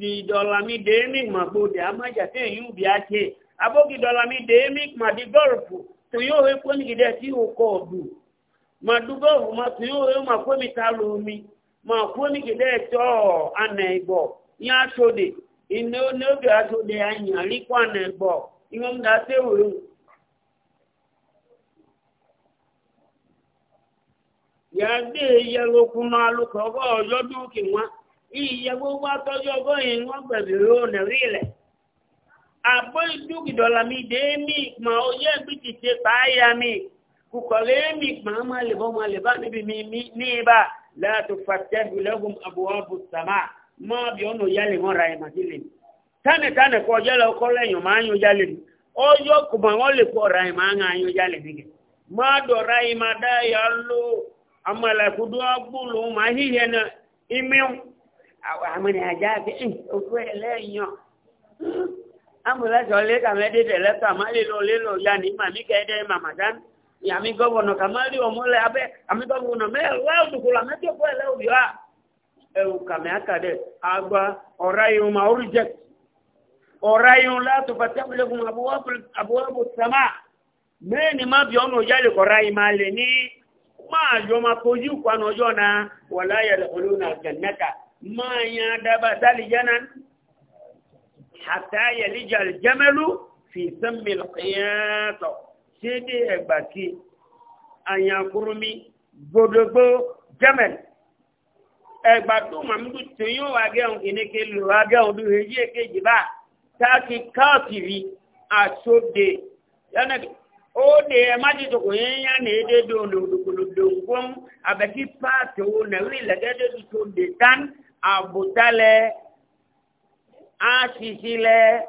di dọlami dèémì mà gbòdè amájàté yìí bí a ṣe abókì dọlami dèémì mà di gọ́ọ̀fù tó yóò wé pọ́nìkìdẹ́ tí ó kọ́ ọ̀dù mà du gọ́ọ̀fù mà tó yóò wé mà fómi ta ìwọ̀n dá sí ìwòrò. Yàgbé ìyẹ̀lókun máa ló kọ̀ọ̀kọ́ ọjọ́ dúkì wọn. Ìyẹ̀ gbogbo atọ́jú ọgọ́ yìí wọ́n gbẹ̀bẹ̀ ló nẹ̀rí ilẹ̀. Àbó ìdúkì dọ̀là mi dé mí ìpọ̀n oyé bí ti ṣe pààyà mi. Kùkọ̀lé mi ìpọ̀n máa lè bọ́ máa lè bá níbi mi ní ibà láti fàtẹ́hùn lẹ́gùn àbúwá bùsàmà. Mọ́ bí ọ̀nà ìyá lè wọ́n ra ìmàdílé mi tani tani kɔ jɛlɛ kɔ lɛ nyɔ maa nyɔ jale ni ɔyɔ kuma wɔn le kɔ ra yi maa ŋa nyɔ jale ni kɛ maa dɔ ra yi ma da yi alo amalaku do agbolo ma hi yɛ na imiw amani adza ke ɛ oku yɛ lɛ nyɔ amala sɔ le kama ɛdi tɛ lɛ kama le lɔ le lɔ yanni mami kɛ ɛdɛ mama tan yami gɔvɔnɔ kama li ɔmɔ lɛ abɛ ami gɔvɔnɔ mɛ ɛwɛ odoko la mɛ tɛ kɔ yɛ obi wa ɛwù kama aka dɛ agba ɔra yi ma o reject ọ̀ráyún látò fàtẹ́kùlẹ́kùn àbúwọ́bù sàmà mẹ́ni má bí ọmọ òjá lè kọ̀rá ìmá lè ní máa jọ ma kojú kwanu ọjọ́ na wà láyé olóòrùn àjẹ̀mẹ́ta máa yá dábà sálì jẹ́nà àtàyè lìjà jẹ́mẹ́lú fi sẹ́mi lọ́kẹ́yẹ́tọ̀ ṣé dé ẹgbà kí àyànkúrúmi gbogbogbò jẹ́mẹ́lú ẹgbà tó màmúdù tó yóò wá gẹ́hùn kìnnìkì lù èyí èkejì báà taki kafiri a sodde yana o de ya maji to ko ya ne de do do do do gom abaki pa to na wi la de do to de tan abutale asisile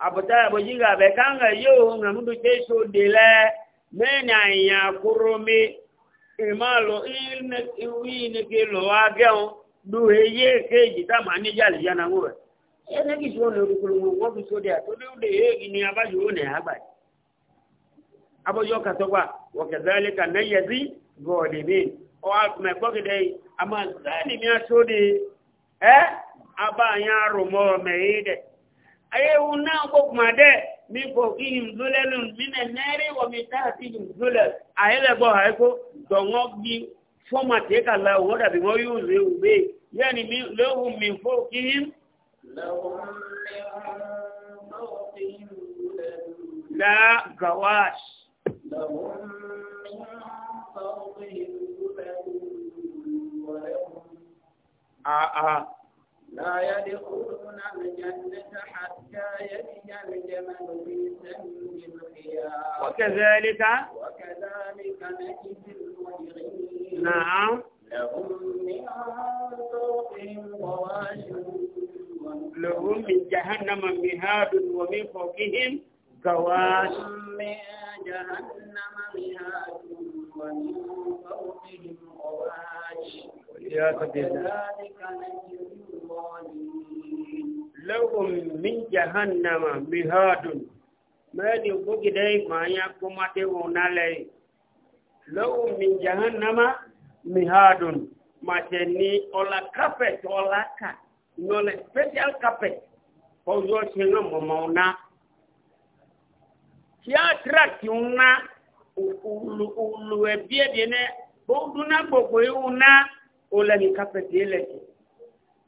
abutale bojiga be kanga yo na mundu te so de le mena ya kurumi imalo ilne iwi ne ke lo ageon du heye keji ta manija le yana ngure energy tí wọ́n lè rúkúrú wọ́n fi sódẹ̀ àtọ́lẹ́wọ́lẹ̀ èyí ni abájú ó nẹ̀ àgbà abọ́jọ́ kàtọ́gbà wọ̀kẹ̀dálẹ́ kà náyẹ̀ sí gọ́ọ̀dẹ̀ mi ọ mẹ́gbọ́gẹ̀dẹ̀ àmà sáàlì mi àtọ́dẹ̀ ẹ́ abáyà rọmọ mẹ́yẹ́ dẹ̀ ayéwu náà kókùmá dẹ̀ mi kò kí n zúlẹ̀ lù mí nẹ̀ nẹ́rẹ́ wọ mi tá àti n zúlẹ̀ àyẹ̀lẹ̀gbọ́ àyẹ̀kó dọ̀ngọ́ bí fọ́mà tẹ́kàlá wọ́n dàbí wọ́n yóò zẹ́ òbí yẹ́nì mi lóhùn mi fọ́ kí n لهم من فوقهم لا غواش لهم من فوقهم ولهم آه آه لا يدخلون الجنة حتى يلج الجمل في سن الخياط وكذلك وكذلك نجزي المجرمين نعم لهم من جهنم مهاد ومن فوقهم غواش من جهنم مهاد ومن فوقهم غواش وكذلك نجزي الظالمين لهم من جهنم مهاد ما يدوك دايما يقوم تقول لهم من جهنم mihadun mateni ola carpet ola ka nole special carpet ozo chino momona kia track una ulu ulu ebie bene boduna gogo una ola ni carpet ile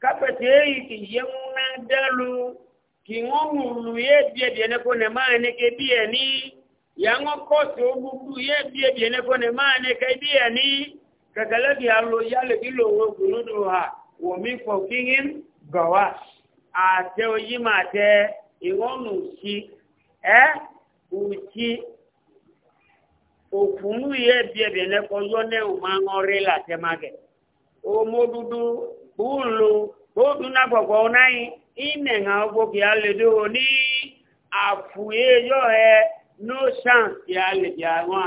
carpet ye ki yemna dalu ki ngomu ulu ye bie bene ko ne mane ke bie ni yango kosu ubu ye bie bene ko ne mane ke bie ni kẹ̀kẹ́lẹ́ bí alo yálẹ̀ bí lòwò gbòlódò ha wòmí fọ̀kíhìn gọ̀wá àtẹ oyi ma tẹ ìwọ́nù sí ẹ́ ùtí òfúnú yẹ bí ẹ̀bẹ̀ lẹ́kọ̀ kọ yọ máa ń rí làtẹ́ máa gẹ̀ ọmọ dúdú búùlù bóòdù náà gbọ̀gbọ̀ na ìnẹ̀ ń gbogbo kì ní no chance lè àwọn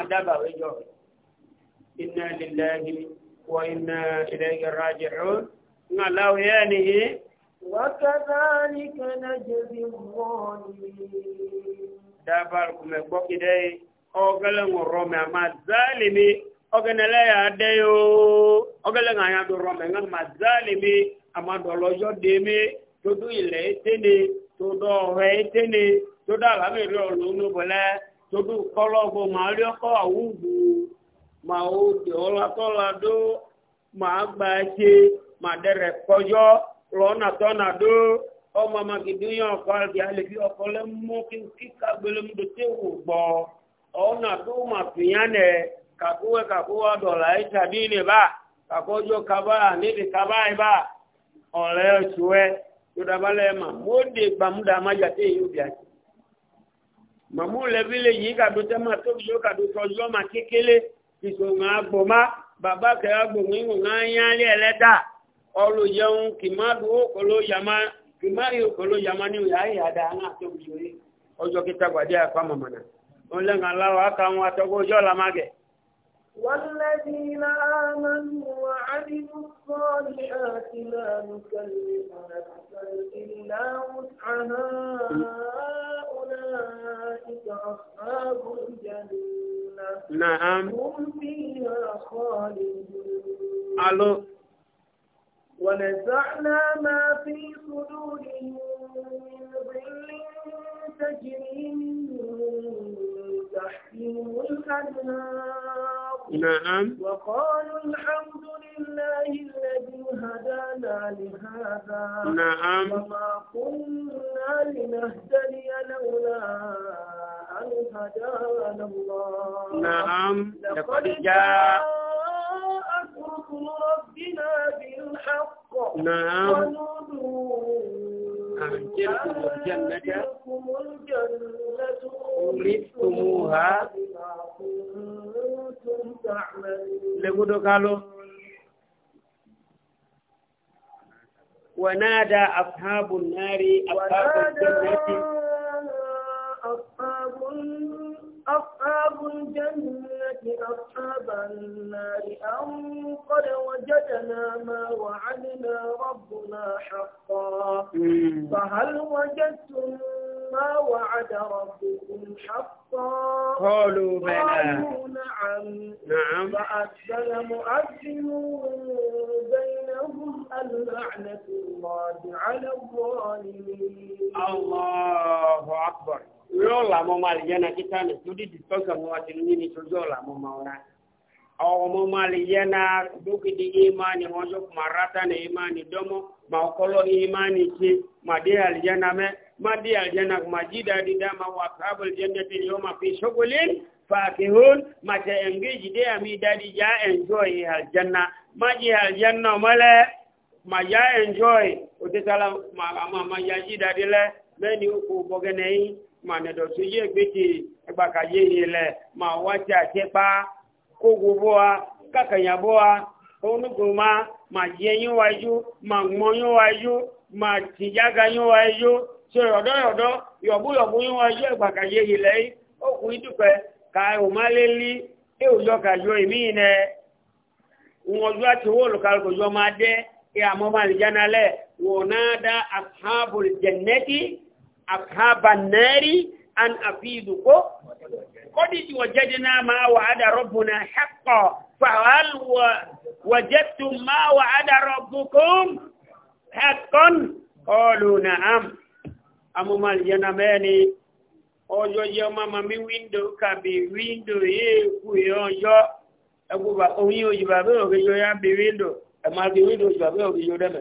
inna lillahi wa inna ilayhi raji'un nga law yanihi wa kadhalika najzi adh-dhalimin dabar kuma gboki dai ogale ngoro me ma zalimi ogenele ya de yo ogele nga ya do rome nga ma zalimi ama do lojo de mi to du ile tene to do re tene to da la me ro lo nu bole to du kolo go ma ri ko awugu màá ó dè ọlátọ́la dó màá gba ẹṣẹ màá dẹrẹ kọjọ lọ́nà tọ́nà dó ọmọ màgìdúnyàn ọkọ àti àlefi ọkọ lẹ́mú kíkà gbẹlẹ́mú tó wò gbọ́ ọ̀nà tó mà fìyàn nẹ kàkúwẹ́ kàkúwẹ́ dọ̀là ẹ̀ tàbí ní bá kàkọ́jọ́ kaba níbi kaba ẹ̀ bá ọ̀rẹ́ ọ̀ṣùwẹ́ yodabalẹ̀ ma mo de gbàmúdàmá yàtẹ̀ yóò bí àti màmú lẹ́bí lè yí kàdó tẹ́ ma tóbi yóò kàdó tọ́jú ọmọ kékeré. ìṣòwò agbòmá bàbá kẹwàá gbòmí ìwòmá yánlé ẹlẹ́dà ọlùyẹun kìmádùú òkòló yàmá kìmárì òkòló yàmá ní ìyá ìyàdá àwọn àti òbíyòrí ọjọ́ kíta gbàdé àpá mọ̀mọ̀nà ó lẹ́nu aka wọn àtọ́gbọ́ ojú ọ̀la má gẹ̀. نعم هم فيها خالدون ألو ونزعنا ما في صدورهم من ظل تجري من نعم وقالوا الحمد لله الذي هدانا لهذا نعم وما كنا لنهتدي لولا أن هدانا الله نعم لقد جاء رسل ربنا بالحق نعم ونودوا أنزلكم الجنة أورثتموها لقدو قالوا ونادى أصحاب النار أصحاب الجنة أصحاب النار أصحاب الجنة أصحاب النار أم قد وجدنا ما وعدنا ربنا حقا فهل وجدتم ما وعد ربكم حقا قالوا بلى قالوا نعم نعم فأسأل مؤذن بينهم اللعنة الله على الظالمين الله أكبر yóò là mọ ma lè yẹn na kíkà ní lórí dìtọ́sì ọmọ wa ti ní ní sojú ọ̀la mọ ma wọn. ọmọ ma lè yẹn na dókítì ìmá ni wọn sọ kuma rata ni ìmá ni dọ́mọ ma kọ́lọ́ ìmá ni ṣe ma dé àlìyẹn na mẹ́ ma dé àlìyẹn na ma jí dáadé dá ma wà káàbọ̀ lìyẹn na ti yọ ma fi ṣokolé fàkihón ma tẹ ẹ̀ngéjì dé àmì dáadé já ẹ̀njọ́ yìí àlìyẹn na ma jí àlìyẹn na mọ́lẹ́ ma já ẹ̀njọ́ yìí òtítàlá ma ma ma yá jí dáadé lẹ́ mẹ́ni ó kò bọ́gẹ́ nẹ́yìn. ma nẹ̀dọ̀ tó yé gbèjì ẹgbàkà ilẹ̀ ma wá tí a ti pa kógo kàkànyà ma ma yẹ yín ma mọ yín wájú ma tìjága nye wájú so yọ̀dọ́yọ̀dọ́ yọ̀búyọ̀bú yín wájú ẹgbàkà yé ilẹ̀ yìí ka ò má lé lí e ò yọ kàjọ ìmí wọn ju wọn na ashaban nari an afidu ko kodi wajadna ma wa'ada rabbuna haqqan fa hal wajadtum ma wa'ada rabbukum haqqan qalu na'am amumal yanameni ojo yo mama mi window ka bi window ye ku yo yo eguba oyin ojiba be ojo ya bi window e ma bi window ojiba be ojo deme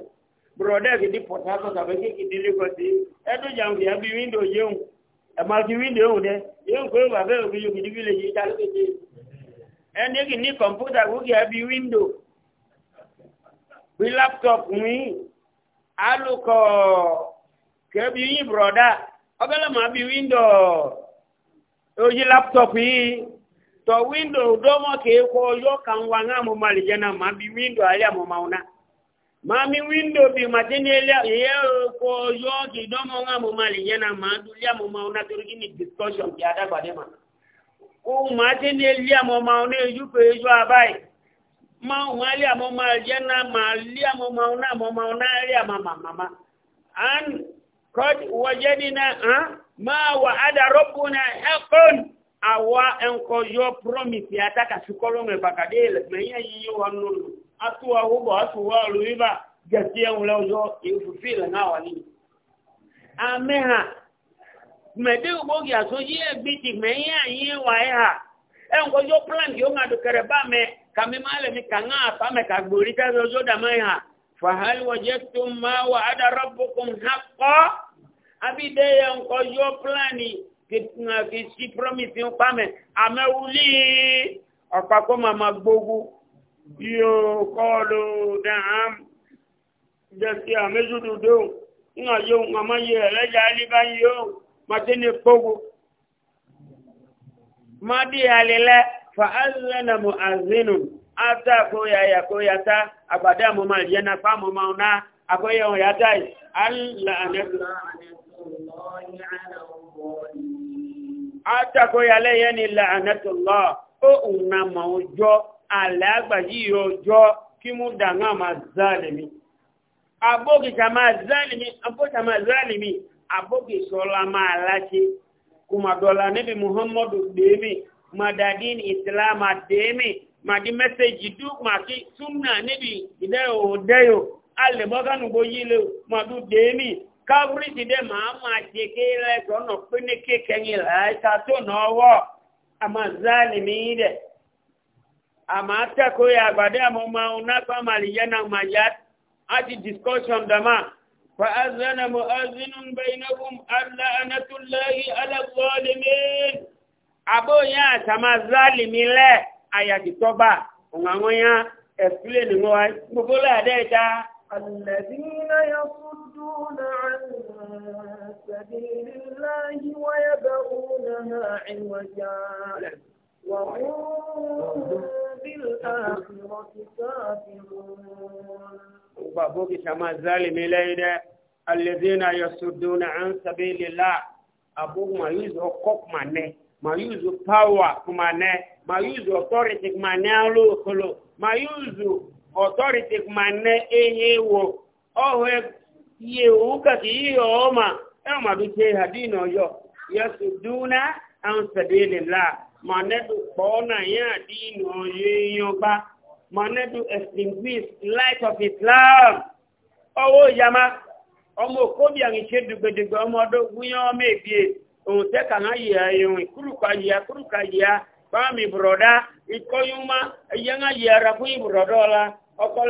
broda kìdí port harcourt àbẹ́kẹ́ kìdí lagos ẹ̀dùn jàǹfì àbí windo yéhùn ẹ̀ma fi windo yéhùn dẹ yéhùn pé bàbá òbí yóò kìdí fílẹ̀ yìí dá lókè dé ẹni kìdí kọ̀mpútà kókè àbí windo bí laptop mi alùkọ̀ kẹ́bi yín broda ọbẹ̀lẹ̀ mọ̀ àbí windo oyi laptop yìí tọ̀ windo dọ́mọ̀ kéèkó yọ kàn wá ńlá mo máa lè jẹ́ náà mọ̀ àbí windo alẹ́ àmọ́ máa wọn náà mami windo bi matenele yeo ko yogi domo nga mo mali yana madulia mo mauna turigini discussion ki ada kwa dema ko matenele mo maune yuko yejo abai ma mali mo ma, yana mali mo mauna mo mauna ya mama mama an qad wajadina ha ma wa'ada rabbuna haqqan awa enko yo promise ataka shukolonge bakadele meya yiyo wanulu atuwa hubo atuwa luiba jatia ulauzo ifufila nawa ni ameha mede ubogi asoji e biti meya ye waeha e ngojo plan yo ngadu kereba me kami male mi kanga pa me kagbori ka zozo damaiha fa hal wajadtum ma wa'ada rabbukum haqqan abide ya ngojo plani kitna kisi promise yo pame amewuli ọ̀pá kó máa ma gbógún يقولوا نعم جسي أمجد دو نا يوم أما يهلجا لبان يوم ما تنفقه ما دي عليلا فأذن مؤذن أتا كويا يا كويا تا أبدا مما جينا فامو مونا أكويا ويا تاي ألا نبلا أتا كويا ليني لعنة الله أؤنا موجو alagbaji ojo kimu danga mazalimi abogi kama zalimi abogi kama zalimi abogi sola malaki kuma dola nabi muhammadu demi madadin islama demi madi message du maki sunna nabi idayo dayo alle boganu boyile madu demi kawuri ti de maa ma ṣe kele tọnà pénékè kẹyìn láìka tó ama ta koya gbade amma mauna famali yana majat aji discussion da ma fa azana mu'azzinun bainahum alla anatullahi ala zalimin abo ya sama zalimi le aya ki toba ngawon ya explain ngo ai gbogbo la de ta الذين يصدون عن سبيل الله ويبغونها عوجا وهم gbàgbọ́ kì í sàmà zálì mi lẹ́yìn dẹ́ alẹ́dínà yasuduna an sabilila àbúkù mà yúzù ọkọ̀ mà nẹ́ mà yúzù pàwà mà nẹ́ mà yúzù ọ̀tọ́rìtì mà nẹ́ alóòkòlò mà yúzù ọ̀tọ́rìtì mà nẹ́ ehe wò ọ̀hẹ́ yẹ òun kàkì yíyọ ọ̀ọ́mà ẹ̀ mà dùn ṣe àdínà ọ̀yọ́ yasuduna an sabilila. manedu kpona ya dinu yoyoba manedu extinguish light of islam ya yama ọmọ òkóbi àrùn ṣe dùgbẹ̀dùgbẹ̀ ọmọ ọdún gúnyán ọmọ èbíè òun tẹ́ka hàn na ẹ̀yìn kúrùkà yìí kúrùkà yìí báàmì bùrọ̀dá ikọ́ yìí má ẹ̀yẹ́ hàn yìí ara fún ìbùrọ̀dá ọ̀la ọkọ̀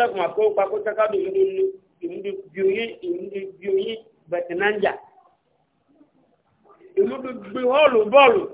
lẹ́kùn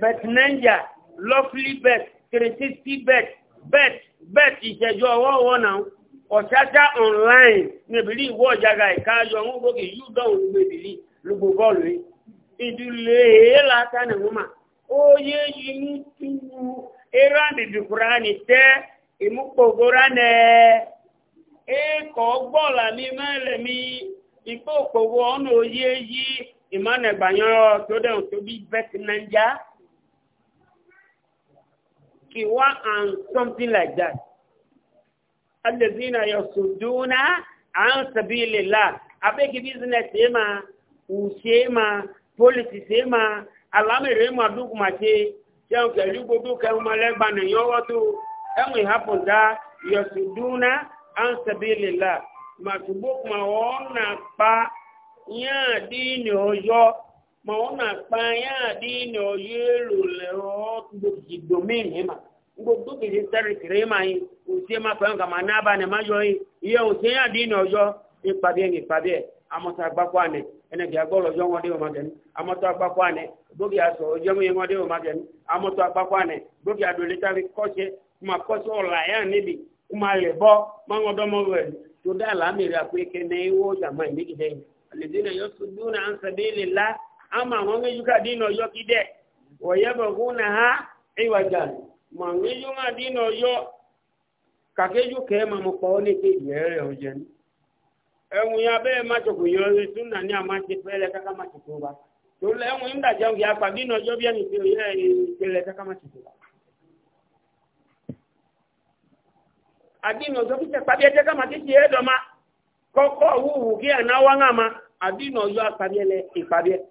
bet ninja lovely bet three sixty bet bet bet ìṣẹ́jú ọwọ́ ọwọ́ náà ọ̀ṣáṣá online níbìlí ìwọ ọ̀jága ìkáyọ̀ ń gbókè yóò dọ̀hún gbèbìlì lùgbò bọ́ọ̀lù yìí ìdílé èélà sani wọ́n ó yé yìí túwú eré dìdìkúrá ni tẹ́ ìmúkpògórá nẹ ẹ̀kọ́ gbọ́ọ̀là mi mẹ́lẹ̀ mi ìkpókòwò ọ̀nà òye yìí ìmọ̀nàgbàyàn tó dẹ̀ tó bí bẹ́ẹ̀ ti nàìjíríà. Kiwa and something like that. Alladhina yasudduna an sabilillah. Abeki business ema, usema, politics ema, alamere ma dukuma che, chao kelu bodu ka umale bana yowotu. Emu happen da yasudduna an sabilillah. Matubuk maona pa nya dini hoyo maona kpanya dini oyelu leo jidomini ma gbogbo kìí sẹ́rì kìrì ma yìí òsì ma fẹ́ nǹkan ma ní abalẹ̀ ma yọ yìí iye òsì yẹn àdínì ọjọ́ ìpàdé yẹn ìpàdé yẹn amọ̀tà agbáko àná ẹnẹgì agbọ́rọ̀ ọjọ́ wọn dé wọn magẹ̀ ní amọ̀tà agbáko àná gbógi àṣọ ọjọ́ wọn dé wọn magẹ̀ ní amọ̀tà agbáko àná gbógi àdòlè tàbí kọ́ṣẹ́ kuma kọ́ṣẹ́ ọ̀la yà níbi kuma lè bọ́ mọ́ngọ́dọ́mọ́ rẹ̀ tó dá àlámì rẹ̀ àpò ama àwọn méjìká dínà ọyọ́ kí dẹ̀ wọ̀yẹ́bọ̀ fún nà ha ìwàjà mà méjìká dínà ọyọ́ kàkéjú kẹ́ mà mọ̀ pa ọ́ ní kejì ẹ̀rẹ̀ ọ̀jẹ̀ ní. ẹ̀wùn yà bẹ́ẹ̀ má tòkù yọ ẹ tún nà ní àmà ti pẹ́lẹ̀ káká má tòkù wa tó lẹ́ ẹ̀wùn yìí ń dàjẹ́ òkè apá dínà ọjọ́ bí ẹni pẹ́lẹ̀ káká má tòkù wa. àdínà ọjọ́ kí tẹ̀pá bí ẹjẹ́ ká má kéjì ẹ̀ẹ́dọ̀ má kọ́kọ́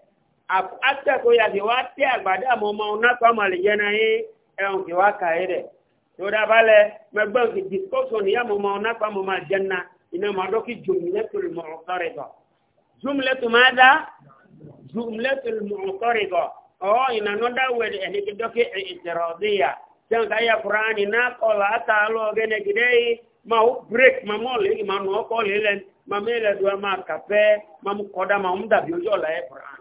after ko ya ki wa te agbada mo mo na ko ma le je na yi e on ki wa ka ere to da bale me gbon ki discussion ya mo mo na ko mo ma janna ina ma do ki jumlatul mu'tarida jumlatu madha jumlatul mu'tarida o ina no da we e ki do ki i'tiradiya tan ka ya qur'ani na ko la ta lo gene gidei ma o break ma mo le ma no ko le len ma mele do ma kafe ma mu koda ma mu da bi ojo la e qur'an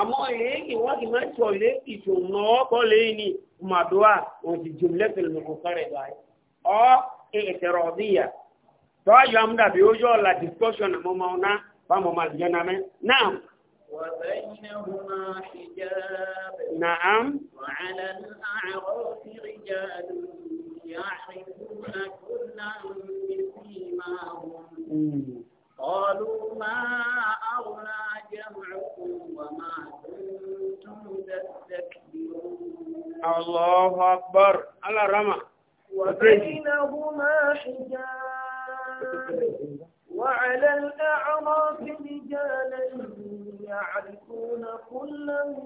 àmọ́ èyí wọ́n ti máa ń sọ ilé ìṣòwò ọkọ̀ lẹ́yìn ní màdúrà wọn ti jù lẹ́sẹ̀ lọ́kọ̀ kárẹ̀ báyìí. ọ ìṣẹ̀rọ̀ ọ̀bíyà tọ́ ayọ̀ amúdàbí ó yọ̀ la discussion àmọ́ máa ná fáwọn ọmọ àlùjọ náà mẹ́. náà. وبينهما حجاب نعم وعلى الأعراف رجال يعرفون كلا بسيماهم قالوا ما أغنى جمعكم وما كنتم تستكبرون الله أكبر على رمى وبينهما حجاب وعلى الأعراف رجالا يعرفون كلا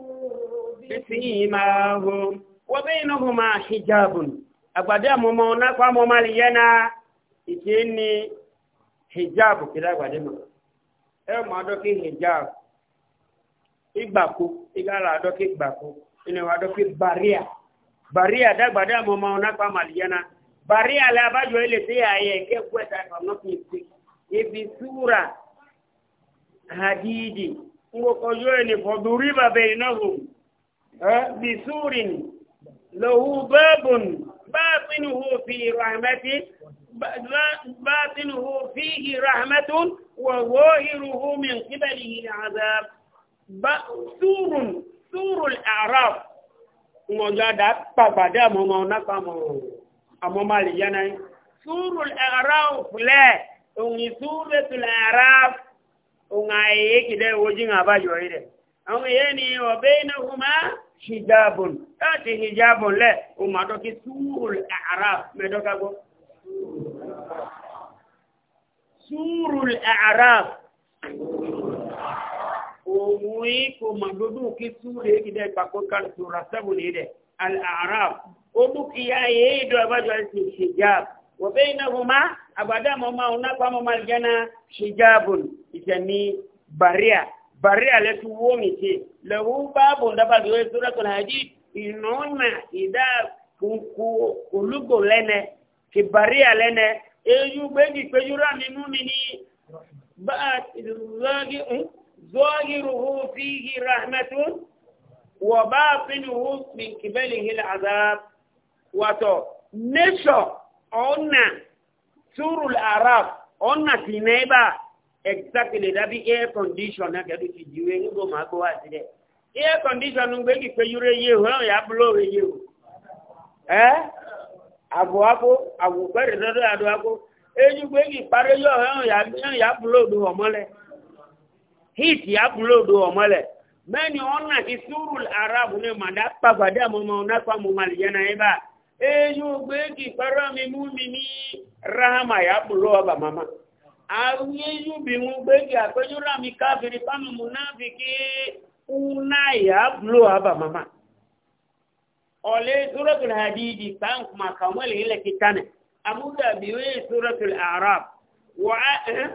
بسيماهم وبينهما حجاب أقدام مونا قام مالينا إتيني hijab kìlá ìgbàdé mọ̀ ẹ mọ̀ adọ́kí hijab ìgbàkú ìgbàlá adọ́kí ìgbàkú ìnà adọ́kí bàríà bàríà dàgbàdé àmọ́ ọmọ onápa màlìyànà bàríà lẹ́ abájọ ilé tí ààyè kẹ́kọ̀ọ́ ẹ̀ta ìfọ̀nà fi ti ibi súra hadidi ngokojo ni fọdùrìbà bẹ̀rẹ̀ náà hù bí súrin lòhù bẹ́ẹ̀bùn báàbínú hù fi rahmati باطنه فيه رحمة وظاهره من قبله العذاب سور سور الأعراف مجادة بابدا ممونا كامو أمو ماليانا سور الأعراف لا أمي سورة الأعراف أمي كده وجين أبا جوهيرة أمي يعني وبينهما حجاب تاتي حجاب لا أمي سور الأعراف مدوكا Súrùl Àràb. Òun kò mà lódú kí súrù èkì dẹ́ ìpàkó kan sùrà sẹ́bù ní dẹ̀. Al-Àràb. Ó mú kí ya yé ìdọ̀ àbájọ àti ṣèjáb. Wọ́n bẹ́ẹ̀ náà fún ma, àbádá mọ́ máa ń nápa mọ́ máa jẹ́ náà ṣèjábùn ìtẹ̀mí bàríà. Bàríà lẹ́tú wọ́n mi ṣe. Lẹ́wọ́ báàbò dábàá lórí Suratul Hadid. Ìnáwó náà ìdá kùlùkù lẹ́nẹ̀, kìbàríà lẹ́nẹ̀, eyu gbẹ́gì péjú rà nínú ni ní zọ́gìrùhù fíhì rahmatun wọ̀ bá fínúhù min kìbẹ́lì hìl azab wàtọ̀ nẹ́ṣọ̀ ọ̀nà túrùl arab ọ̀nà tì nẹ́bà exactly dàbí air condition náà kẹ́dù ti jìwé nígbò máa gbó wá sílẹ̀ air condition gbẹ́gì péjú rẹ̀ yé o náà eh? àbò àbò àbò pẹ́rẹ́ dọ́dọ́ àdó àbò eyín gbé kí parẹ́ yọ ẹ̀hún yà búlóòdù ya hit yà búlóòdù ọ̀mọ́lẹ̀ mẹ́ni ọ̀nà ti sùúrù arabu na màdá pàgbàdé àmọ́mọ́ onáfà kpa àlìyẹ́ yẹn mi mi rahama ọba mi fi ole suratul hadidi kan kuma kamar ile kitane amuda biwe suratul a'raf wa eh,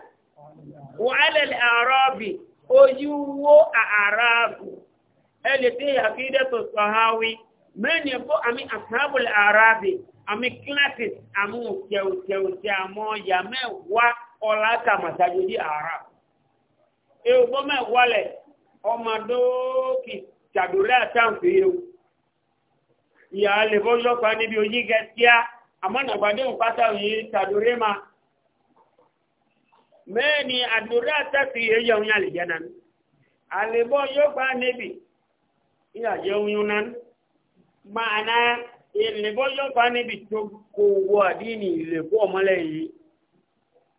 wa ala al-a'rabi oyuwo a'rafu ele te akida to sahawi men yabo ami ashabul a'rabi ami classes amu keu keu chamo ya me wa ola kama sajudi a'raf e ubo me wale ọmọdókì tàdúrà táǹfì yìí ìyá lè fọ́ yọ́pa níbi ojí gẹ́tíá àmọ́nàgbàdé òpátá yìí tàdúré ma mẹ́ni àdúrà tẹ́sí èyí ọ̀hún yà lè jẹ́ nánú àlèbọ́ yọ́pa níbi ìyàjẹ́ oyún nánú máa ná ìlèbọ́ yọ́pa níbi tó kò wọ àdínì ìlèkó ọmọlẹ̀ yìí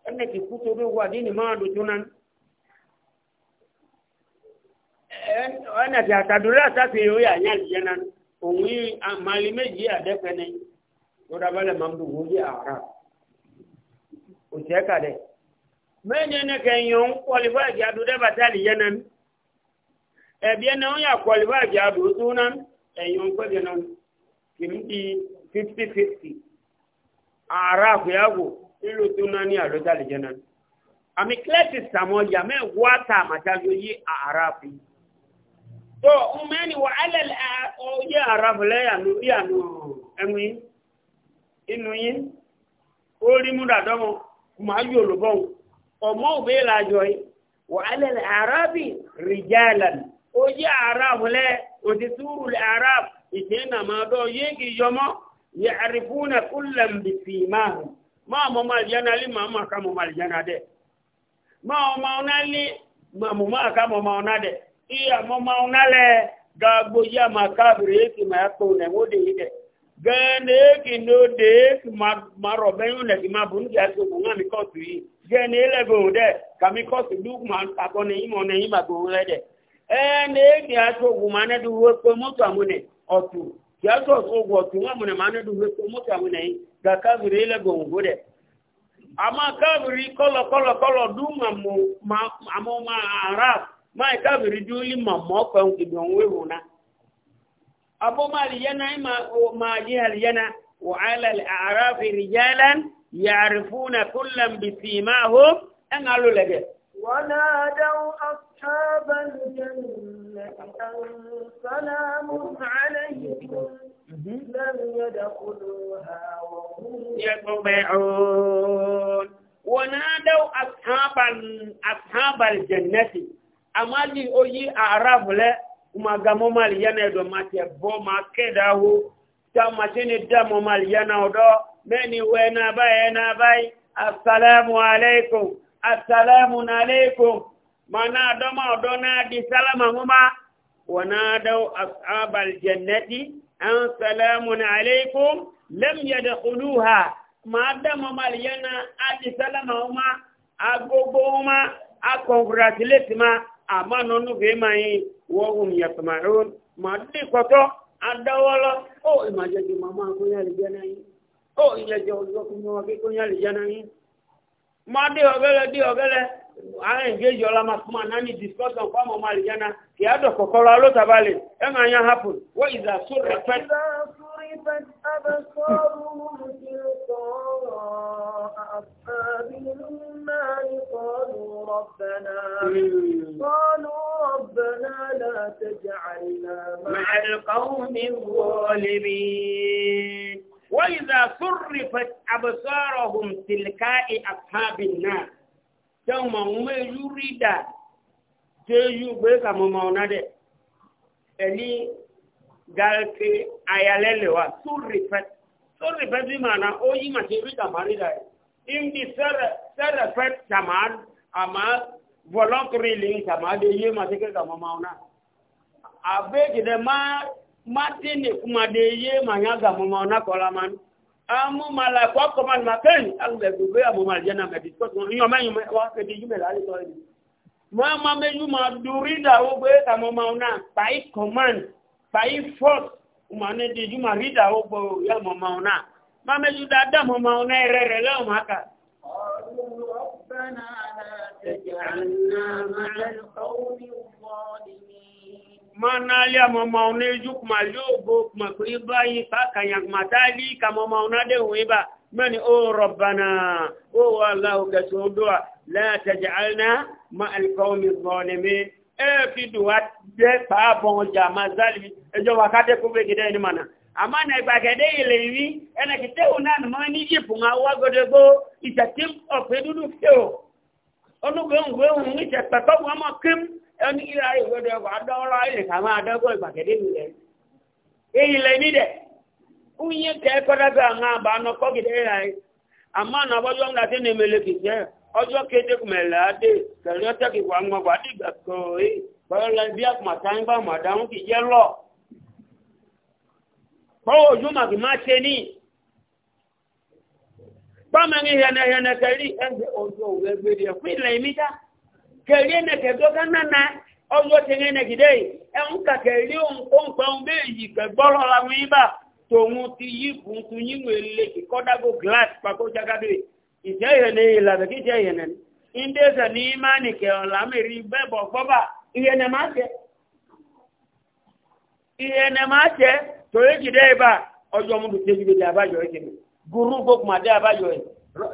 ẹnì kì kú torí wọ àdínì máa dojú nánú ẹnì kì àtàdúrà tẹ́sí èyí ọ̀hún yà jẹ́ nánú òun àmàlì méjì àdẹ́pẹ́ni tó dábálẹ̀ máa ń bú wọ́n yé àárá òṣìṣẹ́ kàdẹ́ mẹ́ni ẹni kẹyìn òun kọlifá ìjà dùn dẹ́bà tálì yẹn náà ẹ̀bí ẹni òun yà kọlifá ìjà tó náà ẹ̀yìn òun pẹ́ bẹ́ẹ̀ kì í di fifty fifty àárá àgbéyàwó nílò tó náà ní àlọ́ tálì yẹn náà àmì kílẹ̀tì sàmọ́ yàmẹ́ wọ́n àtà àmàtà yóò yí tó ọmọnì wà alẹ́ ọyẹ arábìlẹ̀ yànú ẹnu yín inú yín ó rí múra dọ́mọ kùmà yí olùbọ́n ọmọ òbí làjọ yìí wà alẹ́ arábì rìjálàn ọyẹ arábìlẹ̀ òtítúrù arab ìṣẹ́nà máa dọ́ yéèkì yọmọ yàrìfúnà kúlẹ̀m bìtì máa hù máa mọ máa jẹ́nà lé máa máa ká mọ máa jẹ́nà dẹ̀ máa ọmọ ọ̀nà lé máa mọ máa ká mọ máa ọ̀nà dẹ̀. iya mama unale gagbo ya makabri eki ma yako unemodi ide gende eki no de eki ma maro benyo ne ki ma bunge ato bunga mikosu yi gende ele go ude kamikosu duk ma sakone imo ne ima go ulede ene eki ato gumane du huwe moto amune otu yaso ogwo tu nga mune mane du huwe kwe moto amune yi gakabri ele go ude ama kabri kolo kolo kolo duma mu ma amoma arafu mai kafiri duli mamma kwan kidon wehuna abu mali yana ma ma jihal yana wa ala al a'raf rijalan ya'rifuna kullam bi simahum an alu lege ونادوا أصحاب الجنة أن سلام عليكم لم يدخلوها وهم يطمعون ونادوا أصحاب أصحاب الجنة amali oyi arabu lɛ umagamo mali yana edo mate bo ma keda ho ta machine da mo mali yana odo meni we na bai na bai assalamu alaikum assalamu alaikum mana do ma odo na di salama ngoma wana do ashabal jannati an alaikum lam yadkhuluha ma da mo mali yana adi salama ngoma agogo ma a congratulate ma ama nonu be mai wa hum yasma'un madi koto adawala o imaje ki mama ko ya le jana o ile je o ko jana yi madi ogele di ogele ayin je discussion kwa jana ki ma yan happen wa iza surrifat iza وراء أصحاب النار ربنا قالوا ربنا لا تجعلنا مع القوم الظالمين وإذا صرفت أبصارهم تلكاء أصحاب النار ثم هم يريد تيجوا بك ممونا دي إلي قالت آيالي لوا صرفت So repeti mana oyi masibi tamari dai. Im di ser ser repet tamar ama volok riling tamar de ye masike kama a Abe kide ma matini kuma de ye manya kama mauna kolaman. Amu malakwa koman mapen albe gube amu maljana medikos. Nyoma nyoma wakati yume lali toi. Mama meju madurida ube kama mauna by command by force umane deju marida ogbo ya mama ona mame ju dada mama ona erere le o maka ربنا لا تجعلنا ona juk malyo bo makriba yi paka yang matali kama mama ona de weba mani o rabbana o wallahu kasudwa la taj'alna ma al qawmi adh-dhalimin e fi duwat jẹ́ pàápọ̀ ọjà mazali ẹjọ́ wa káde kó bẹ́ẹ̀ kìdẹ́ ẹni mọ̀nà àmọ́ ní ìgbàgede ilẹ̀ ìrí ẹnì kìtẹ́ òun náà mọ́ ní ìpò wọn wá gbọdọgbọ ìṣẹ̀tí ọ̀pẹ dúdú fẹ́ o olùgbé òǹgbé òun ìṣẹ̀ pẹ̀pẹ́ wọn mọ̀ kí ẹni ìlà ìgbọdọ̀ wà dọ́rọ̀ ilẹ̀ kàwọn adọ́gbọ̀ ìgbàgede ọjọ́ kéde kùmẹ̀lẹ́ adé kẹ̀lẹ́ ọ̀tẹ́kì wà ń gbọ̀gbọ̀ adìgbà kọ̀ọ̀ẹ́ pẹ̀lú bí àpàtà ń bá màdámù kì jẹ́ lọ pọ́wọ́ ojú màkì má ṣe ní pọ́mẹ́rin hẹnẹhẹnẹ kẹrí ẹgbẹ́ ọjọ́ òwe gbèrè ẹ̀kú ilẹ̀ ìmídá kẹrí ẹnẹkẹ̀ tó ká nánà ọjọ́ ti rìn ohun bẹ́ẹ̀ yìí yín bá tòun ti yí lè glass pàkó jágádé ìjẹ́ ìlànà ní bẹ́ẹ̀ bọ̀ iyẹnẹ máa jẹ iyẹnẹ máa jẹ torí jìdẹ́ ibà ọjọ́ mú dùn tẹ́jú gẹ́gẹ́ àbájọ ẹ̀ kẹ́mi gúrú gbogbo màdé àbájọ ẹ̀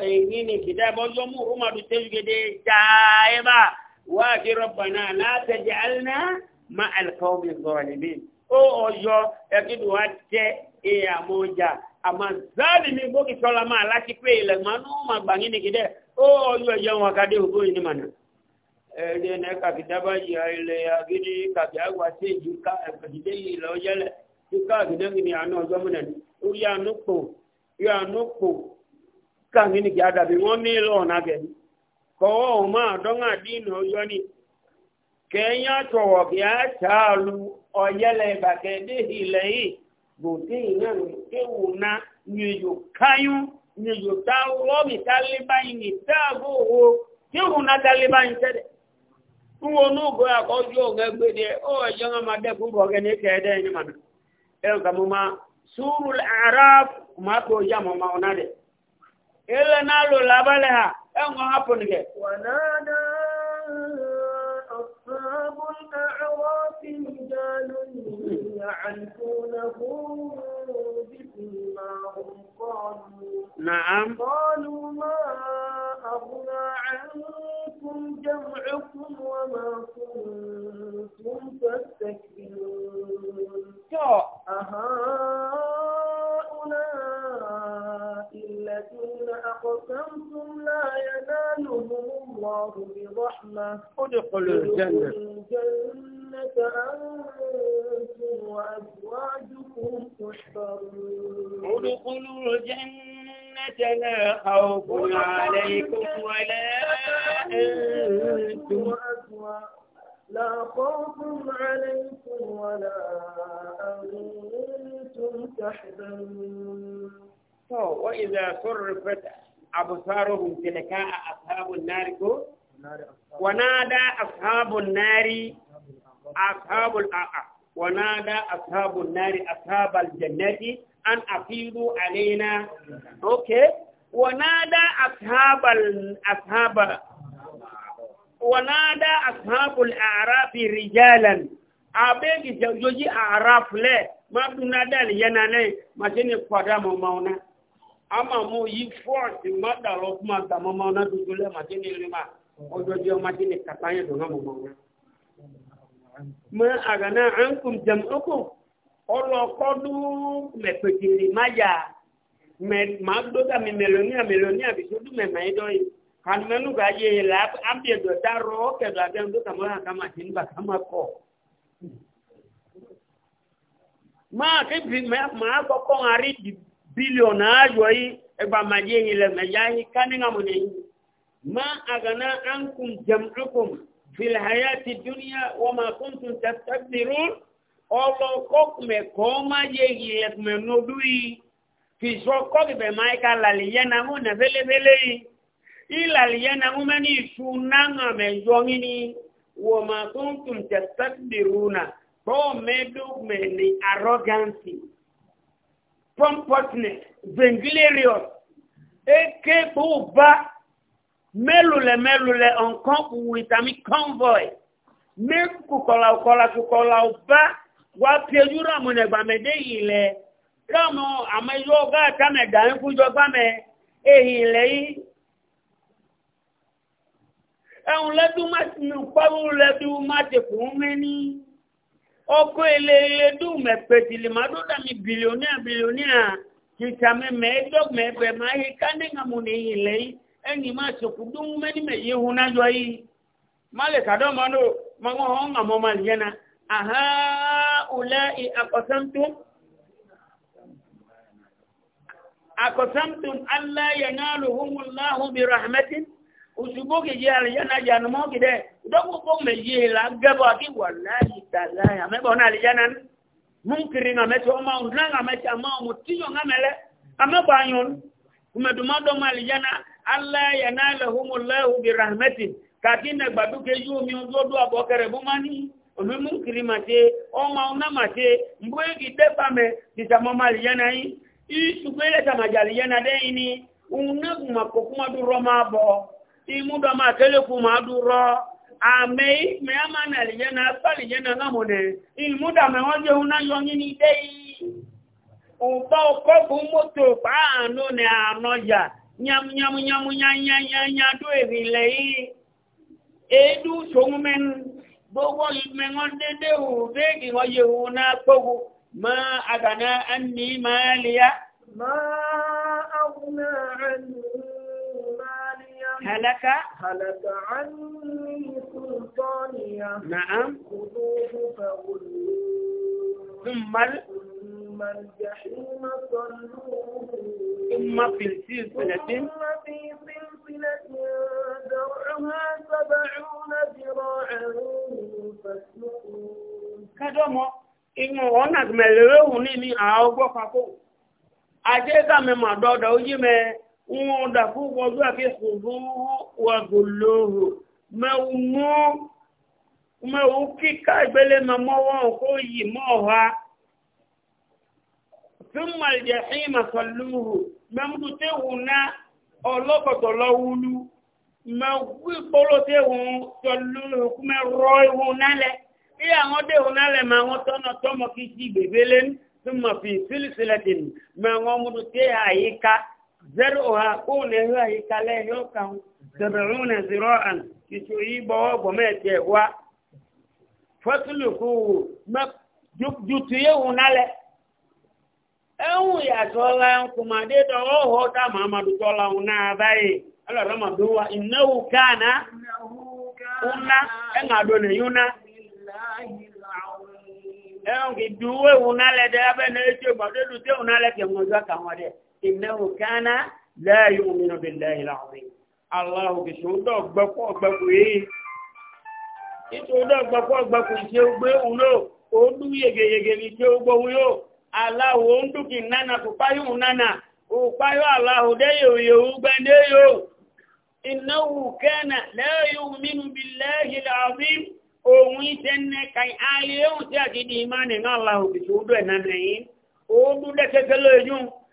èyí e, ni kìdá ibà ọjọ́ mú rú màdùn tẹ́jú gẹ́gẹ́ dáa ibà wá kí rọ̀bànà látẹ̀jẹ̀ alẹ́ má àlùkò mi sọ̀rọ̀ níbí ó ọjọ́ ẹ̀kídùn wa jẹ́ ìyá mọ́jà àmà záàlì mi gbókìtọ́lá máa láti pé ilẹ̀ mọ́ ẹ̀rí ẹ̀nà kàbí yìí àìlè agídí kàbí àgbà tí èyí ká ẹ̀kọ̀dídé yìí lọ yẹlẹ̀ tí káàkiri ní àná ó yà ánú pò yà ánú pò káàkiri wọ́n ní ìlú ọ̀nà gẹ̀ kọ́wọ́ ọ̀hún máa dọ́ngà ni kẹ́yìn àtọ̀wọ̀ kí á ta lu ọ̀yẹ́lẹ̀ ìbàkẹ́ dé ilẹ̀ yìí wọn ní ògbó àkọ́jú òun ẹgbẹ́ díẹ̀ ó ẹ̀jọ́ wọn máa dẹ́kun bọ̀ ọ̀gẹ́ ní kẹ́ẹ̀dẹ́ ẹni màmí ẹ̀rùn kà mo máa sùúrù ara máa tó yá mọ̀ máa ọ̀nà rẹ̀ ilẹ̀ náà lò lábálẹ̀ ha ẹ̀wọ̀n wọn hapò nìkẹ́. wànádà ọ̀sán àwọn fi ń jà lónìí àìkún Na'am. Qalu ma abuna 'anna يغركم جمعكم وما كنتم تستكبرون أهؤلاء الذين أقسمتم لا ينالهم الله برحمة ادخلوا الجنة الجنة أنتم وأزواجكم تحبرون ادخلوا الجنة لا خوف عليكم ولا أنتم لا خوف عليكم ولا أنتم تحزنون to wa idza surrifat absaruhum tilka ashabun nar ko wa nada ashabun nari ashabul a'a wa nada ashabun nari ashabal jannati an afidu alaina okay wa nada ashabal ashaba wa nada ashabul a'rafi rijalan abegi joji a'raf le mabdu nadal yanane masini kwada mo mauna ama mo yi force ma da lo kuma da mama na du dole ma tin ni ma o do je ma tin ka ta ye do na mo mo ma agana ankum jam'ukum olo kodu me pejiri maja me ma do da mi melonia melonia bi sudu me mai do kan menu ga ye la ambie do daro ke do adan do kama kama tin ba kama ko ma ke bi ma ko ko ari billion ajwa e ba majeni le majani kaninga mwenye ma agana ankum jam'ukum fil hayati dunya ma kuntum tastakbirun olo kokme koma jenyi le kumenudui fi soko be maika laliyana na vele vele ilaliyana mumani isunanga wa ma kuntum tastakbiruna ko medu meni arrogancy pompousness vainglorious eke kpọwụ ba melule melule uncomfortable with ami convoy me kukọla kọla kukọla ba wa pieju ramu n'egbamede yi lɛ ramu ameyiwo ga tame dame kudzɔgbame eyi lɛ yi ɛhun lɛ du ma nu kpɔwu lɛ du ma te kun mɛ nii ọkọ eleeledu mepetili madoda mi bilionia bilionia kitame meedo mebe mahi kane ngamune ilei engi masokudumu meni meyihunajwa yi male kadomano mangohonga na aha ulai akosamtum akosamtum alla yanaluhumullahu birahmatin usubuki je aljana janumoki de dogo meje la gabo aki wallahi taala amebo na alijana munkiri na meto ma unanga mecha ma mutiyo ngamele amebo anyon kumeduma do ma alijana alla yanalahumullahu birahmati kakina gbaduke yu mi ododo abokere bumani onu munkiri mate o ma una mate mbwegi depame disamo ma alijana yi isugwele kama jalijana deini unagu makokuma duroma bo imudo ma ma i mu kele kuma duro amei meama na lijana hapa lijana ngamone ili muda mewaje unayo nini dei uba ukobu moto pano ne anoja nyam nyam nyam nyanya nyanya do evile yi edu shongmen gbogbo ìmẹ̀wọ́n dédé ò déèkì wọ́n yẹ òun náà gbogbo ma àgbàná ẹni máa lè yá. máa àwọn ẹni هلك هلك عني سلطانية نعم خذوه فغلوه ثم ال... ثم الجحيم صلوه ثم في سلسلة ثم في سلسلة درعها سبعون ذراعا فاسلكوه كدمه inú ọ̀nà mẹ̀lẹ́rẹ́ òun ní ní àwọn ọgbọ́n papọ̀ ajé sàmì màdọ́dọ̀ ó yí mẹ́ẹ́ wọn dàkú wọ́dú àfi ṣùgbọ́n wà gòlòrò mẹ́wù kíkà ìgbélé mọ́wọ́ òkú yìí mọ́ ha fún màlìjẹ̀ sí màkàlúrò mẹ́mùtú tẹ́wù náà ọlọ́pọ̀tọ̀ lọ́wúlú mẹ́wù ìpọ́lọ́ tẹ́wù tọ́lúrò kú mẹ́rọ ìwù nálẹ̀ bí àwọn tẹ́wù nálẹ̀ mà wọ́n tọ́nà tọ́mọ kí sí bèbélé fún màfi sílìsílẹ̀ tèmi mẹ́wọ́n mú tẹ́ àyíká زرعها قول هي كالي يوكاو سبعون ذراعا كتويب وبميت و فاتلكوا ما جوتيو نالي ẹ̀hùn ìyàtọ̀ ọlá ń kò máa dé tọ́ ọ̀họ́ tá máa máa dùtọ́ ọlá òun náà báyìí ọlọ́rọ̀ máa bí wá innahu kana la yu'minu billahi al-azim aláwọ̀ kìsì ọdọ̀ gbẹ́kọ̀ gbẹ́kọ̀ yìí kìsì ọdọ̀ gbẹ́kọ̀ gbẹ́kọ̀ ìṣe gbé òun náà ó dú yegeyege ní ṣe gbogbo òun yóò aláwọ̀ ó ń dúkì nánà kò páyò nánà kò páyò aláwọ̀ déyò yòó gbẹ́ndé yòó ìnáwó kẹ́nà lẹ́yìn mímú bí lẹ́yìn làbí òun ìṣẹ́nẹ́ kàì ayé òun tí àti di ìmánì náà aláwọ̀ kìsì ọdọ̀ ẹ̀ nánà yìí ó dú dẹ́kẹ́kẹ́ lóyún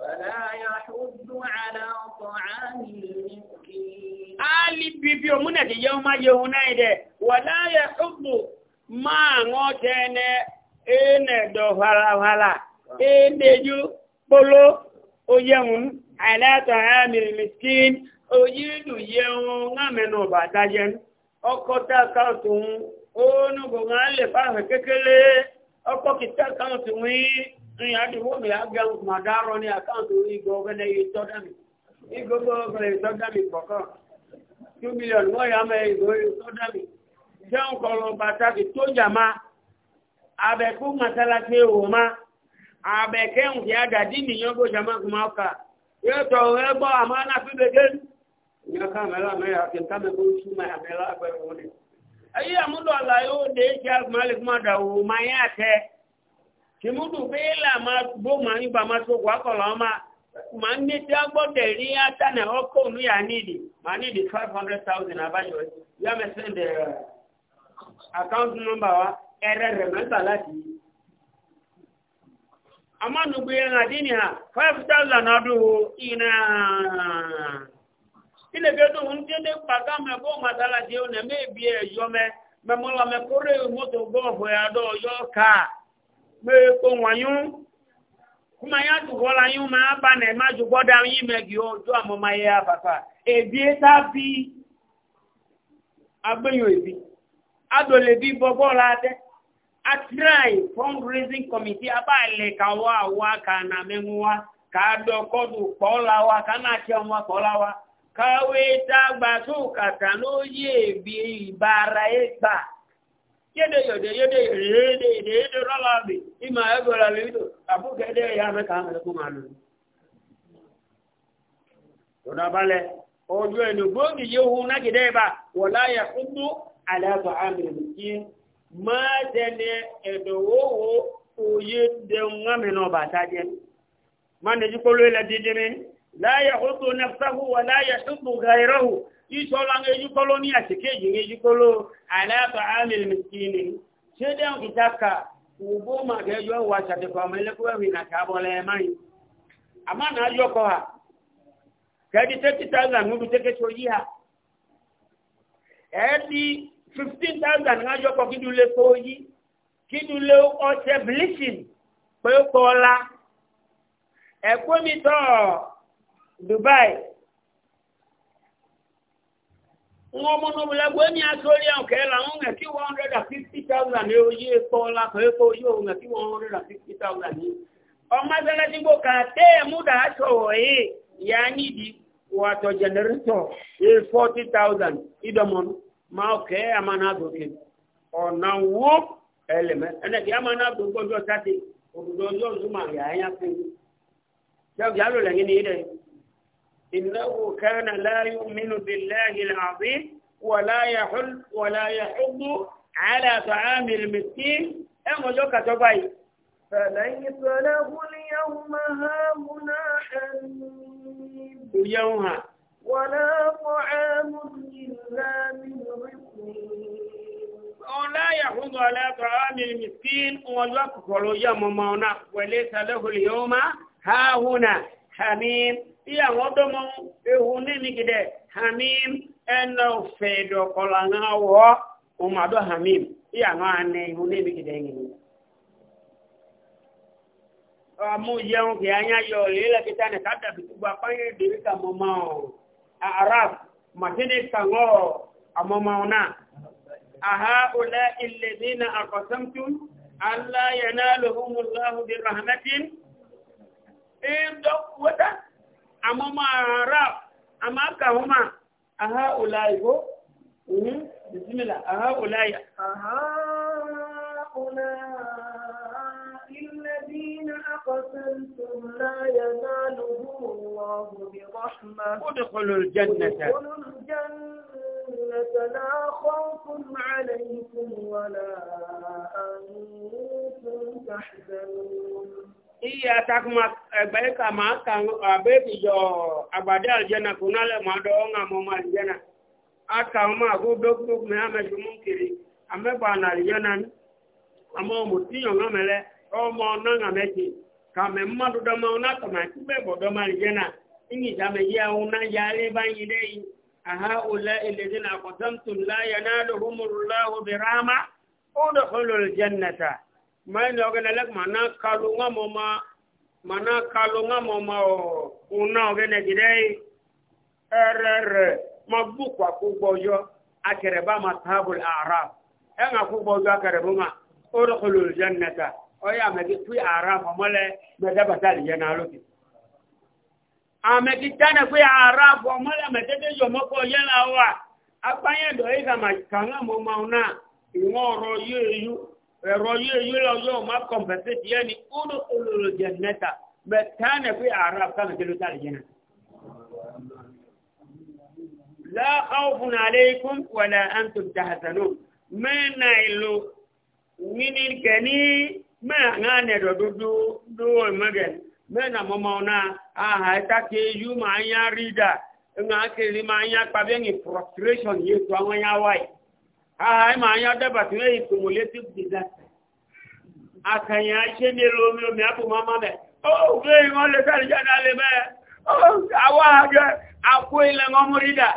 ولا يحض على طعام المسكين ali bibi omuna ke yoma yehunaide wala yahudu ma ene do hala ene ju polo oyemun ala ta'amil miskin oyidu yeun ngamenu badajen okota kautun onu go ngale pa kekele okokita kautun wi ní àdìwọ́ mi àgbà màdárọ ní àkáǹtì ìgbò ọ̀gẹ́nẹ́ ìtọ́dámì ìgbogbo ọ̀gẹ́nẹ́ ìtọ́dámì kọ̀ọ̀kan two million wọ́n yà mẹ́ ìgbò ìtọ́dámì jẹun kọ̀ọ̀lọ̀ pàtàkì tó jà má abẹ́kú màsálásí èèwọ̀ má abẹ́kẹ́hùn tí a dàdí nìyẹn kó jà má kó má kà yóò tọ̀ ẹ gbọ́ àmọ́ anáfi gbẹgẹ́ ìyá kàmẹ́lá mẹ́yà kí n kàmẹ́kó súnmọ́ àmẹ́lá gbẹ̀rún ni. ẹyí àmúlò àlàyé ó dé ṣe àgbọ̀n tìmúdù bẹ́ẹ̀là máa gbó máa ń gbà máa sọ̀kọ̀ akọ̀lọ̀ ọmọ máa ń ní tí a gbọ́dọ̀ rí átànà ọkọ̀ ònú yà níìdì máa níìdì five hundred thousand abájọ yóò mẹ send eh, account number wa ẹrẹ rẹ mẹ́ta láti yí. amánugbe yẹn àdí ni ha five thousand ọdún iná ilé bí ọdún ní tí pàgá mẹ bó masalasi ọ̀nà mẹ́ẹ̀bí ẹ̀ yọ mẹ mẹ mọ́lá mẹ kórè mọ́tò gbọ́ ọ̀bọ̀ ẹ̀ adọ́ yọ meko wanyu kuma ya jugola yu ma aba na ma anyị yi megi ojo amoma ya papa ebi e ta bi agbeyo ebi adole bi bobo la de a try fundraising committee aba le ka wa wa ka na menwa ka do kodu wa ka na che wa pola wa ka we ta gba so kata no ye bi ibara e gba yede yede yede yede yede do abụghị abụọ ya mee ka ahụ ekwu ma nụ ẹnu gbóògì yóò hu nágidẹ́ ibà wọ̀lá yà kúndú àlàbà àmì ìrìnkí máa dẹni ẹ̀dọ̀wọ́wọ́ òye dẹun máa isholang ejukolo ni asikeji ejukolo alafa amil miskini shede ang kitaka ubo magejo wa chate kwa mele kwa wina mai ama na yo ko ha kadi tete taza ngudu teke chojiha edi 15000 nga yo kidule koji kidule o che bleaching pe la ekwe to dubai wọn mọ́nà bùlẹ́gbẹ́ ní àtórí ọ̀kẹ́ làwọn ọ̀nà kí one hundred and fifty thousand ní oyé pọ́ lápẹ́ pé oyé ọ̀nà kí one hundred and fifty thousand ní. ọmọ ẹgbẹ́ tí kò kà tẹ́ ẹ̀ múdà sọ̀rọ̀ yìí yà nídìí wàtọ̀ jẹnẹrétọ̀ ẹ̀ forty thousand ìdọ̀mọ́n máa kẹ́ àmàna àdókè ọ̀nà wo ẹlẹ́mẹ́ ẹnẹ́kì àmàna àdókè ọjọ́ sátẹ̀ òdòdó ọjọ́ إنه كان لا يؤمن بالله العظيم ولا يحل ولا يحض على طعام المسكين أما إيه لك تبعي فليس له اليوم هاهنا حميد يومها ولا طعام إلا من غسلين ولا يحض على طعام المسكين ويكفر يوم مونا وليس له اليوم هاهنا hamim iya ngodomo ehuni nikide hamim eno fedo kolanga wo umado hamim iya ngane ehuni nikide ngini amu yeun ki anya yo lele kitane kada bitugwa panye dirika momao arab matene kango amomaona أهؤلاء الذين أقسمتم أن لا ينالهم الله برحمة wata amma ma arab amma ka huma a ha'ulai ko bismillah a ha'ulai a ha'ulai alladhina aqsamtum la yanaluhum Allah bi rahmah udkhulul jannata udkhulul jannata la khawfun alaykum wa la antum tahzanun iyi atakuma egbe ka ma eh, aka abe eh, ti jo agbade aljana kunale ma do nga mo ma aljana aka ma go dok dok me ame jumun kiri ame ba na aljana ni ama mo ti yo nga mele o mo na nga meji ka me ma do do ma na ka ma ti be bo do ma aljana ingi ja me ya una ya le ba yi dei aha ula alladhina qasamtum la yanaluhumullahu birahma udkhulul jannata maini ogenelek mana kalunga moma mana kalunga moma o una ogenegidei erere magbukwa kugbojo akereba mashabul araf enga kugbojo akerebuma udkhulul jannata oya megi tui araf omole medabatal jenaluki amegi tane kui araf omole mededejo moko yelawa akpanye doiga e makanga moma una ingoro yeyu ẹ̀rọ yóò yóò lọ yóò má kọ̀m̀pẹ̀sẹ̀tì yẹn ni kúrò olóró jẹ̀ mẹ́ta bẹ̀ tánà pé àrà sábà kí ló tà lẹ́yìn náà. لا خوف عليكم ولا أنتم تحزنون من إلو من الكني ما أنا دودو دو مجد من ممونا آه تاكي يوم أنا ريدا أنا كلمة أنا كبيني frustration يتوانيا واي aha ma anya dabata nwe yi cumulative disaster dị na nílò omi omi apò mama mẹ ó gbé ìwọ́n lè sáré jáde alẹ́ mẹ́ ó àwọ̀ àjọ àkó ilẹ̀ wọn mórí ni.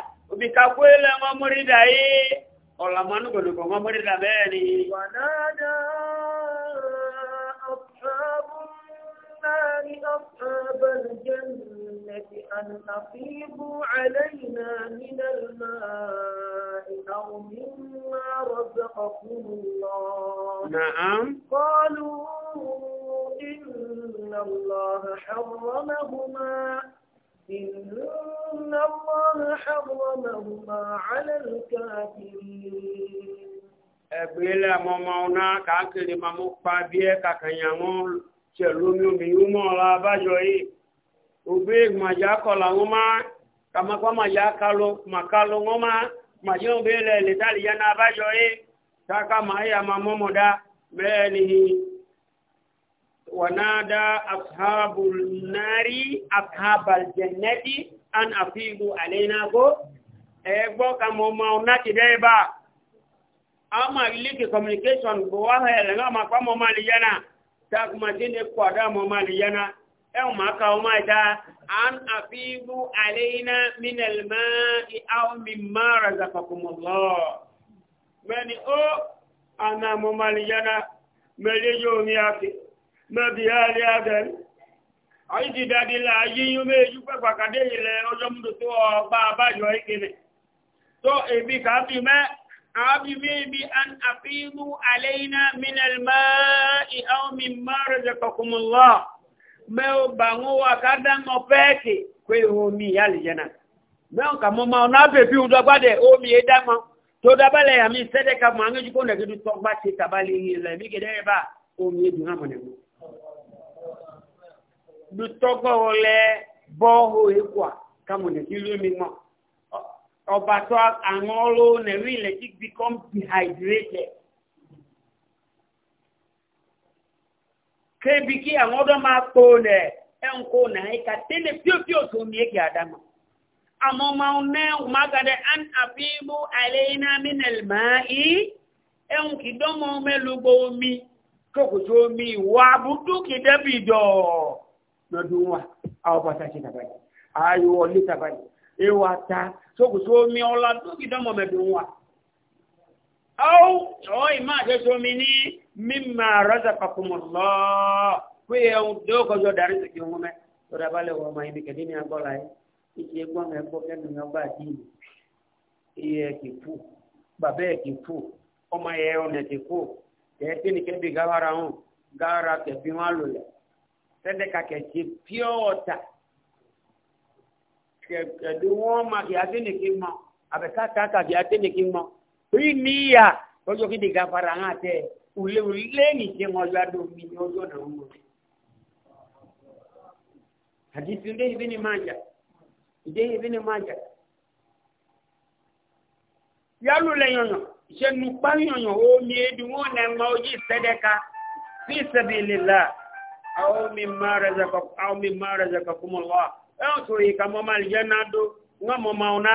المدينة أن أفيضوا علينا من الماء أو مما رزقكم الله نعم قالوا إن الله حرمهما إن الله حرمهما على الكافرين أبلا مماونا كاكل ممقبا بيه كاكنيامون شلومي ميومو لا باجوي obe maja kola ngoma kama kwa maja kalo makalo ngoma majo bele letali yana bajo e taka maya mamomo da beni wanada ashabul nari ashabal jannati an afidu alaina go egbo kama mo unati deba ama ilike communication go wa hele ngama kwa mo mali yana tak majini kwa da mo mali yana ẹ̀hùn máa ka ọmọ ẹ̀dá an àfihù àlẹ́yìnà mínàlmá ìhàmìmá razakakumọ̀lọ́ mẹ́ni ó àná mọ́mọ́lìyànà mẹ́lẹ́yìn omi àfi mẹ́bí àlẹ́ àgẹ́rì àyíjì dáadé la yíyún méjì pẹ́pà kàdé ilẹ̀ ọjọ́ múdò tó ọba àbájọ ìkìnnì tó èbí kàábì mẹ́ àábì mébi an àfihù àlẹ́yìnà mínàlmá ìhàmìmá razakakumọ̀lọ́ meo bango wakada ngopeke kwe omi alijana meo kama ma onabe bi udabade omi edama to dabale ya mi sede ka mangi jikonda kitu tokba ti tabali ile mi kede ba omi eduna mane mu du toko ole boho ekwa kama ne kilu mi mo obato angolo ne wile tik become dehydrated kebi ki àwọn ọdọ máa kpó lẹ ẹnkó náà ẹka tẹlẹ píopío tó mi èkì àdámà àmọ máa ń nẹ máa gàdẹ an àfihàn àlẹyìnà mínẹlì máa í ẹnkì dọmọ mẹlúgbọ omi kókòtò omi wà bùdókì dẹbi dọ lọdún wa àwọn pàtàkì tàbáyé ayò wọlé tàbáyé ewa ta kókòtò omi ọlá dókì dọmọ mẹdùn wa. أو توي ما تسومني مما رزقكم الله كي يودوك جو دارسك يومنا ترى بالي هو ما يبي كديني أقول هاي إيش يقوم يقول كن يبغى دين إيه كيفو بابه كيفو ọmọ yẹ ọ̀nà ti kú kẹ́ẹ̀kí ni kẹ́bi gawara hàn gawara kẹ́bi wọn lò lẹ̀ sẹ́dẹ̀ ka kẹ́kẹ́ pure water kẹ́kẹ́ di wọ́n ma kì í atẹ́nìkì mọ́ àbẹ̀ká kàkà kì í atẹ́nìkì mọ́ oyi miya ojo kidi gafara nga te ule ule ni se ngojo adu mi ojo na ngo hadisi nde hivi ni manja nde hivi ni manja yalu le yono se nu pa yono o mi edu won na ma oji sedeka fi sabilillah aw mimma razaqakum aw mimma razaqakum allah aw to yi kama mal janadu ngamo mauna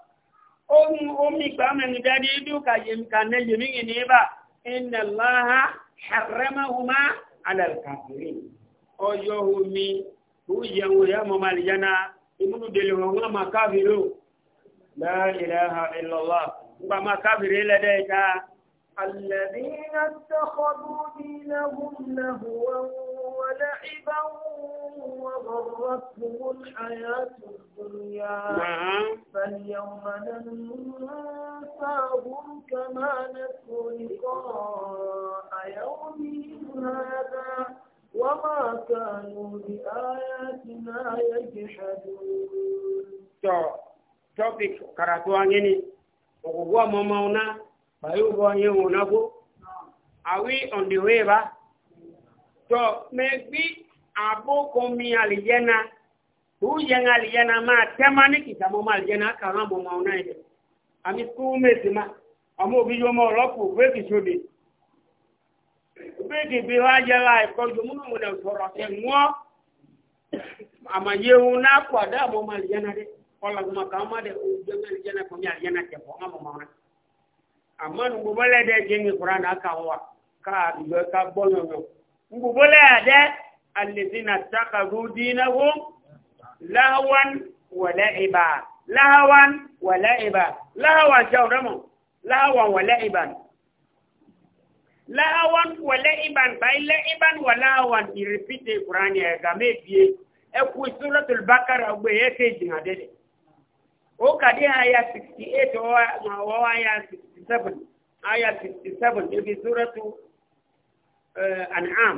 ohun omi gbámẹ́nu jáde dúkà yèmíkà ní yèmíkì ní ibà iná láha ṣàrẹ́mọ́húnmá alàkàfẹ́rì ọyọ́ omi tó yẹ̀wò yẹ́ mọ́ màlìyànà ìmúnú délé wọn wọ́n máa káfìrò láìláha ìlọ́lá nígbà الذين اتخذوا دينهم لهوا ولعبا وغرتهم الحياة الدنيا فاليوم ننساهم كما نسوا لقاء يومهم هذا وما كانوا بآياتنا يجحدون topic karatu wangeni ukugua mama una bayugo wanyewe unago are we on the way ba so maybe abokan mi alijana tujen alijana ma temani kita ma alijana kala mo ma una ide ami kume sima amo bi yo mo roku be ki shodi be ki bi wa je la ko jo mu mo na toro se mo ama ye una kwa da mo ma alijana de kola ma kama de o je alijana ko mi alijana ke ko ma ma una amanu bo bale de je ni qur'an aka wa ka bi ka bonyo ngo bo le de alẹ́sìnà tàkàrú dínáwó láwọn wọ̀lẹ́ ìbà láwọn wọ̀lẹ́ ìbà láwọn jẹ́ ọ̀rẹ́mọ̀ láwọn wọ̀lẹ́ ìbà láwọn wọ̀lẹ́ ìbà báyìí lẹ́ ìbà wọ̀ láwọn ìrìpìtì kùránì ẹ̀gà mẹ́bíye ẹkù suratul bakara ọgbẹ́ yẹ kéjì náà dẹ́dẹ̀ ó kàdé àyà 68 ọwọ́ àyà 67 àyà 67 níbi suratu eh, an'am.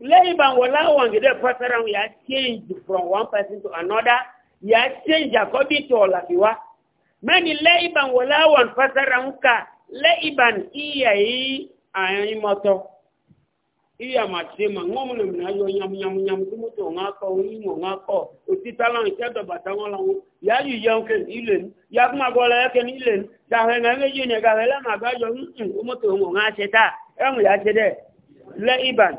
Laban wala wangede pasaram ya change from one person to another, ya change according to olakiwa. Mani Laban wala wan ka Laban iya yi ayimoto. Iya ma ngomu na mnayo nyam nyam nyam kumuto ngako imo ngako utitala nchedo batangola ya yu yonke ilen ya kuma gola ilen ta hena ne ga hela mm, mm, ya chede Laban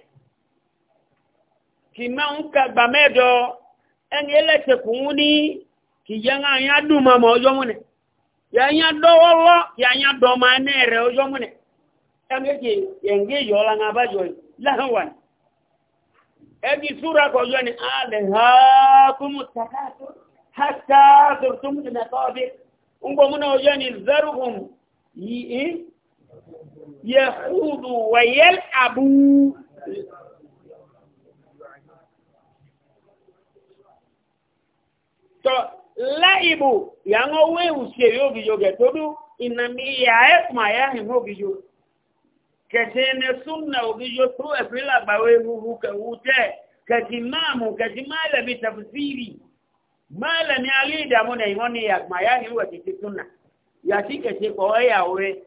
kìmáà ń ka gbà mẹ́jọ ẹni ẹlẹ́sẹ̀ kò ń ní kìyàn àyà dùnmọ̀ mọ̀ ọjọ́ múnẹ̀ yàyà dọ́wọ́lọ́ yàyà dọ́mọ ẹni rẹ̀ ọjọ́ múnẹ̀ ẹgbẹ́kì yẹ̀ǹgẹ́ yọ̀ọ́lá ń abájọ láwọn ẹbí súra kọjọ́ ni alẹ́ ha kúmù tàkàtù hátà tòrtùmù nàkọ́bí ń gbọ́ múnà ọjọ́ ni zaruhum yìí eh, yẹ̀húdù tɔ laibu yaŋɔ wewu sie yogi yoge todu inami yae kuma ya himu ogi yo kɛse ne sunna ogi yo to efi lagba we wuwu kɛ wu tɛ kɛse maamu kɛse maalami tafsiri maalami ali idamu na iŋɔ ni ya kuma ya himu wa kɛse sunna yasi kɛse kɔ ɛya we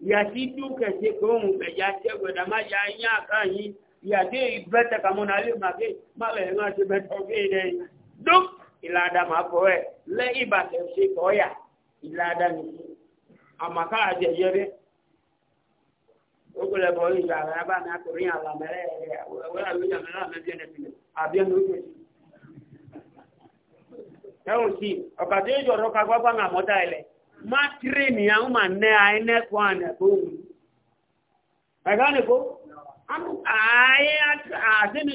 yasi du kɛse kɔ ŋun kɛ yasi gbɛdama ya nya kan yi yasi bɛtɛ kamu na ma ke ma lɛ ŋa se bɛtɛ o ke yi dɛ duk. ilada mapoe le iba se koya ilada ni amaka ajeyere ogole bo ila na ba na akụrụ ya ala mere we sí, ọ̀rọ̀ ilẹ̀. Má àwọn máa nẹ́ àínẹ́kọ́ ànẹ̀kọ́ òun. Ẹ̀gá nìkó? Àáyé àti àṣẹ́ni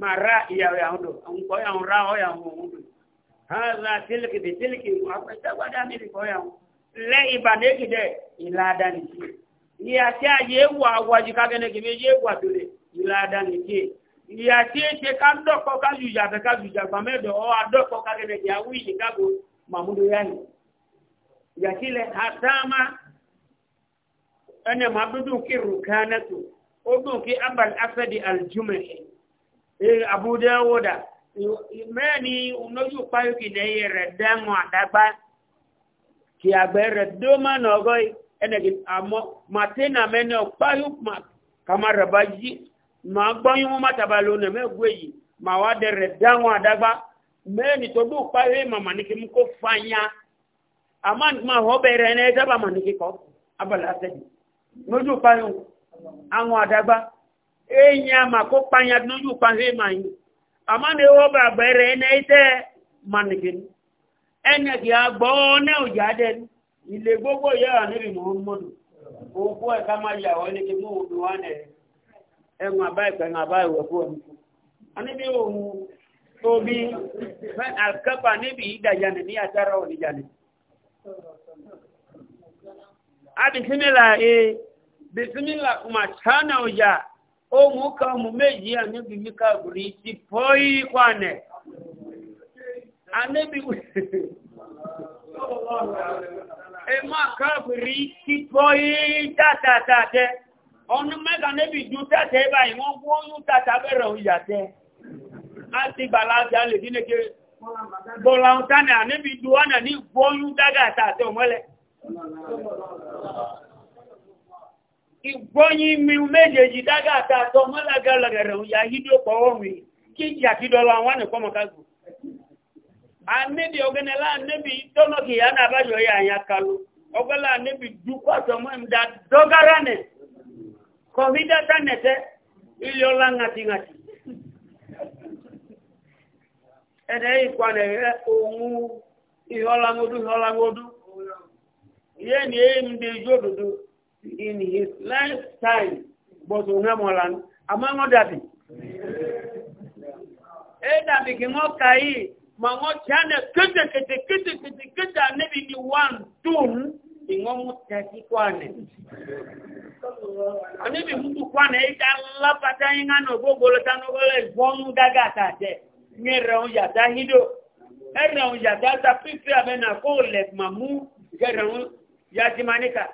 máa ra ìyàwó àwọn odò àwọn kọ́ àwọn ra ọ̀yà àwọn òun odò hàzà tílìkì bí tílìkì àpẹtẹgbàdà mi nìkọ́ ọ̀yà àwọn lẹ́ ìbàdégidẹ̀ ìlàdà nìkí ìyà tí a yé wà wájú kágẹ́nẹ́ kìí yé wà dòlè ìlàdà nìkí ìyà tí é ṣe ká dọ́kọ́ ká yùjà àbẹ́ ká yùjà gbàmẹ́dọ̀ ọ́ adọ́kọ́ kágẹ́nẹ́ kìí awú ìyè kágo màmúdó yáyì ìyà tí lẹ àtàmà ẹnẹ màá dúdú kí rùkánẹ́tò ó dùn kí abal afẹ́di aljumẹ̀ Abu Dawud mẹ́ni lójú páyókì lẹ́yìn rẹ̀ dẹ́mọ̀ àdágbá kí àgbẹ̀ rẹ̀ dómánà ọgọ́ ẹnẹ̀kì àmọ́ màtínà mẹ́ni ọ̀páyókì kàmá yí ma gbọ́yún mọ́ mátàbà lónà mẹ́gbẹ́ yìí màá wá dẹ̀ rẹ̀ dẹ́mọ̀ àdágbá mẹ́ni tó dùn màmá ní kí kó fanya àmọ́ màá họ́ bẹ̀rẹ̀ ẹni ẹ dábàá ní abàlá sẹ́yìn àwọn àdágbá enya makopanya nuju panzima hii amane oba bere neite manigin ene kia bone ujade ile gogo ya nabi muhammad opo kama ya wale kimu uduane e ngabai ka ngabai wepo mtu anibi o tobi fa alkapa nibi ida jani ni atara oni jani abi simila e bisimila kuma chana uja ohun ka omume yi anabi mika gburu isi pụọ ikwane anabi ema ka gburu isi pụọ itatatate ọnụ mega anabi ju tata ebe anyị nwa gwuo onye tata bere ụyate ati balaja le dị neke bọla ụta na anabi duwa na n'igwu onye daga tata onwele ìgbọ́yìn mi méjèèjì dágàtà àtọ mọ́lágàlagàrẹ̀ òyà hídíò pọ̀wọ́ mi kí ìjà kí dọ́lọ́ àwọn ànìkọ́ mọ̀kágù anẹ́bì ọgẹ́nẹ́lá anẹ́bì tọ́nọ́kì yà náà bájọ yà àyà kalu ọgọ́lá anẹ́bì dúkọ́ àtọmọ́ ẹ̀mdà dọ́gára nẹ̀ kọ̀mídátà nẹ̀tẹ́ ilé ọlá ńàtìǹàtì ẹ̀dẹ́ ìkwanẹ̀ rẹ̀ òun ìhọ́lámọdú in his lifetime but òun náà mọ̀ lánàá àmọ́ wọ́n dàbí. ẹ dàbí kí wọ́n ka yìí mà wọ́n jáde kétékété kétékété kété ànẹ́bí di one two ni wọ́n mú tẹ́tí kó ànẹ́. ànẹ́bí mú tukọ́ ànẹ́ yìí ká lápáta yín ká nà gbogbo lọ́tà nígbà lẹ́yìn wọ́n mú dága àtàtẹ́ ní ẹ̀rẹ̀ òun yàtá hídò ẹ̀rẹ̀ òun yàtá ta pípé àbẹ́nà kó lẹ̀ mà mú ẹ̀rẹ̀ òun yàtí ma níkà.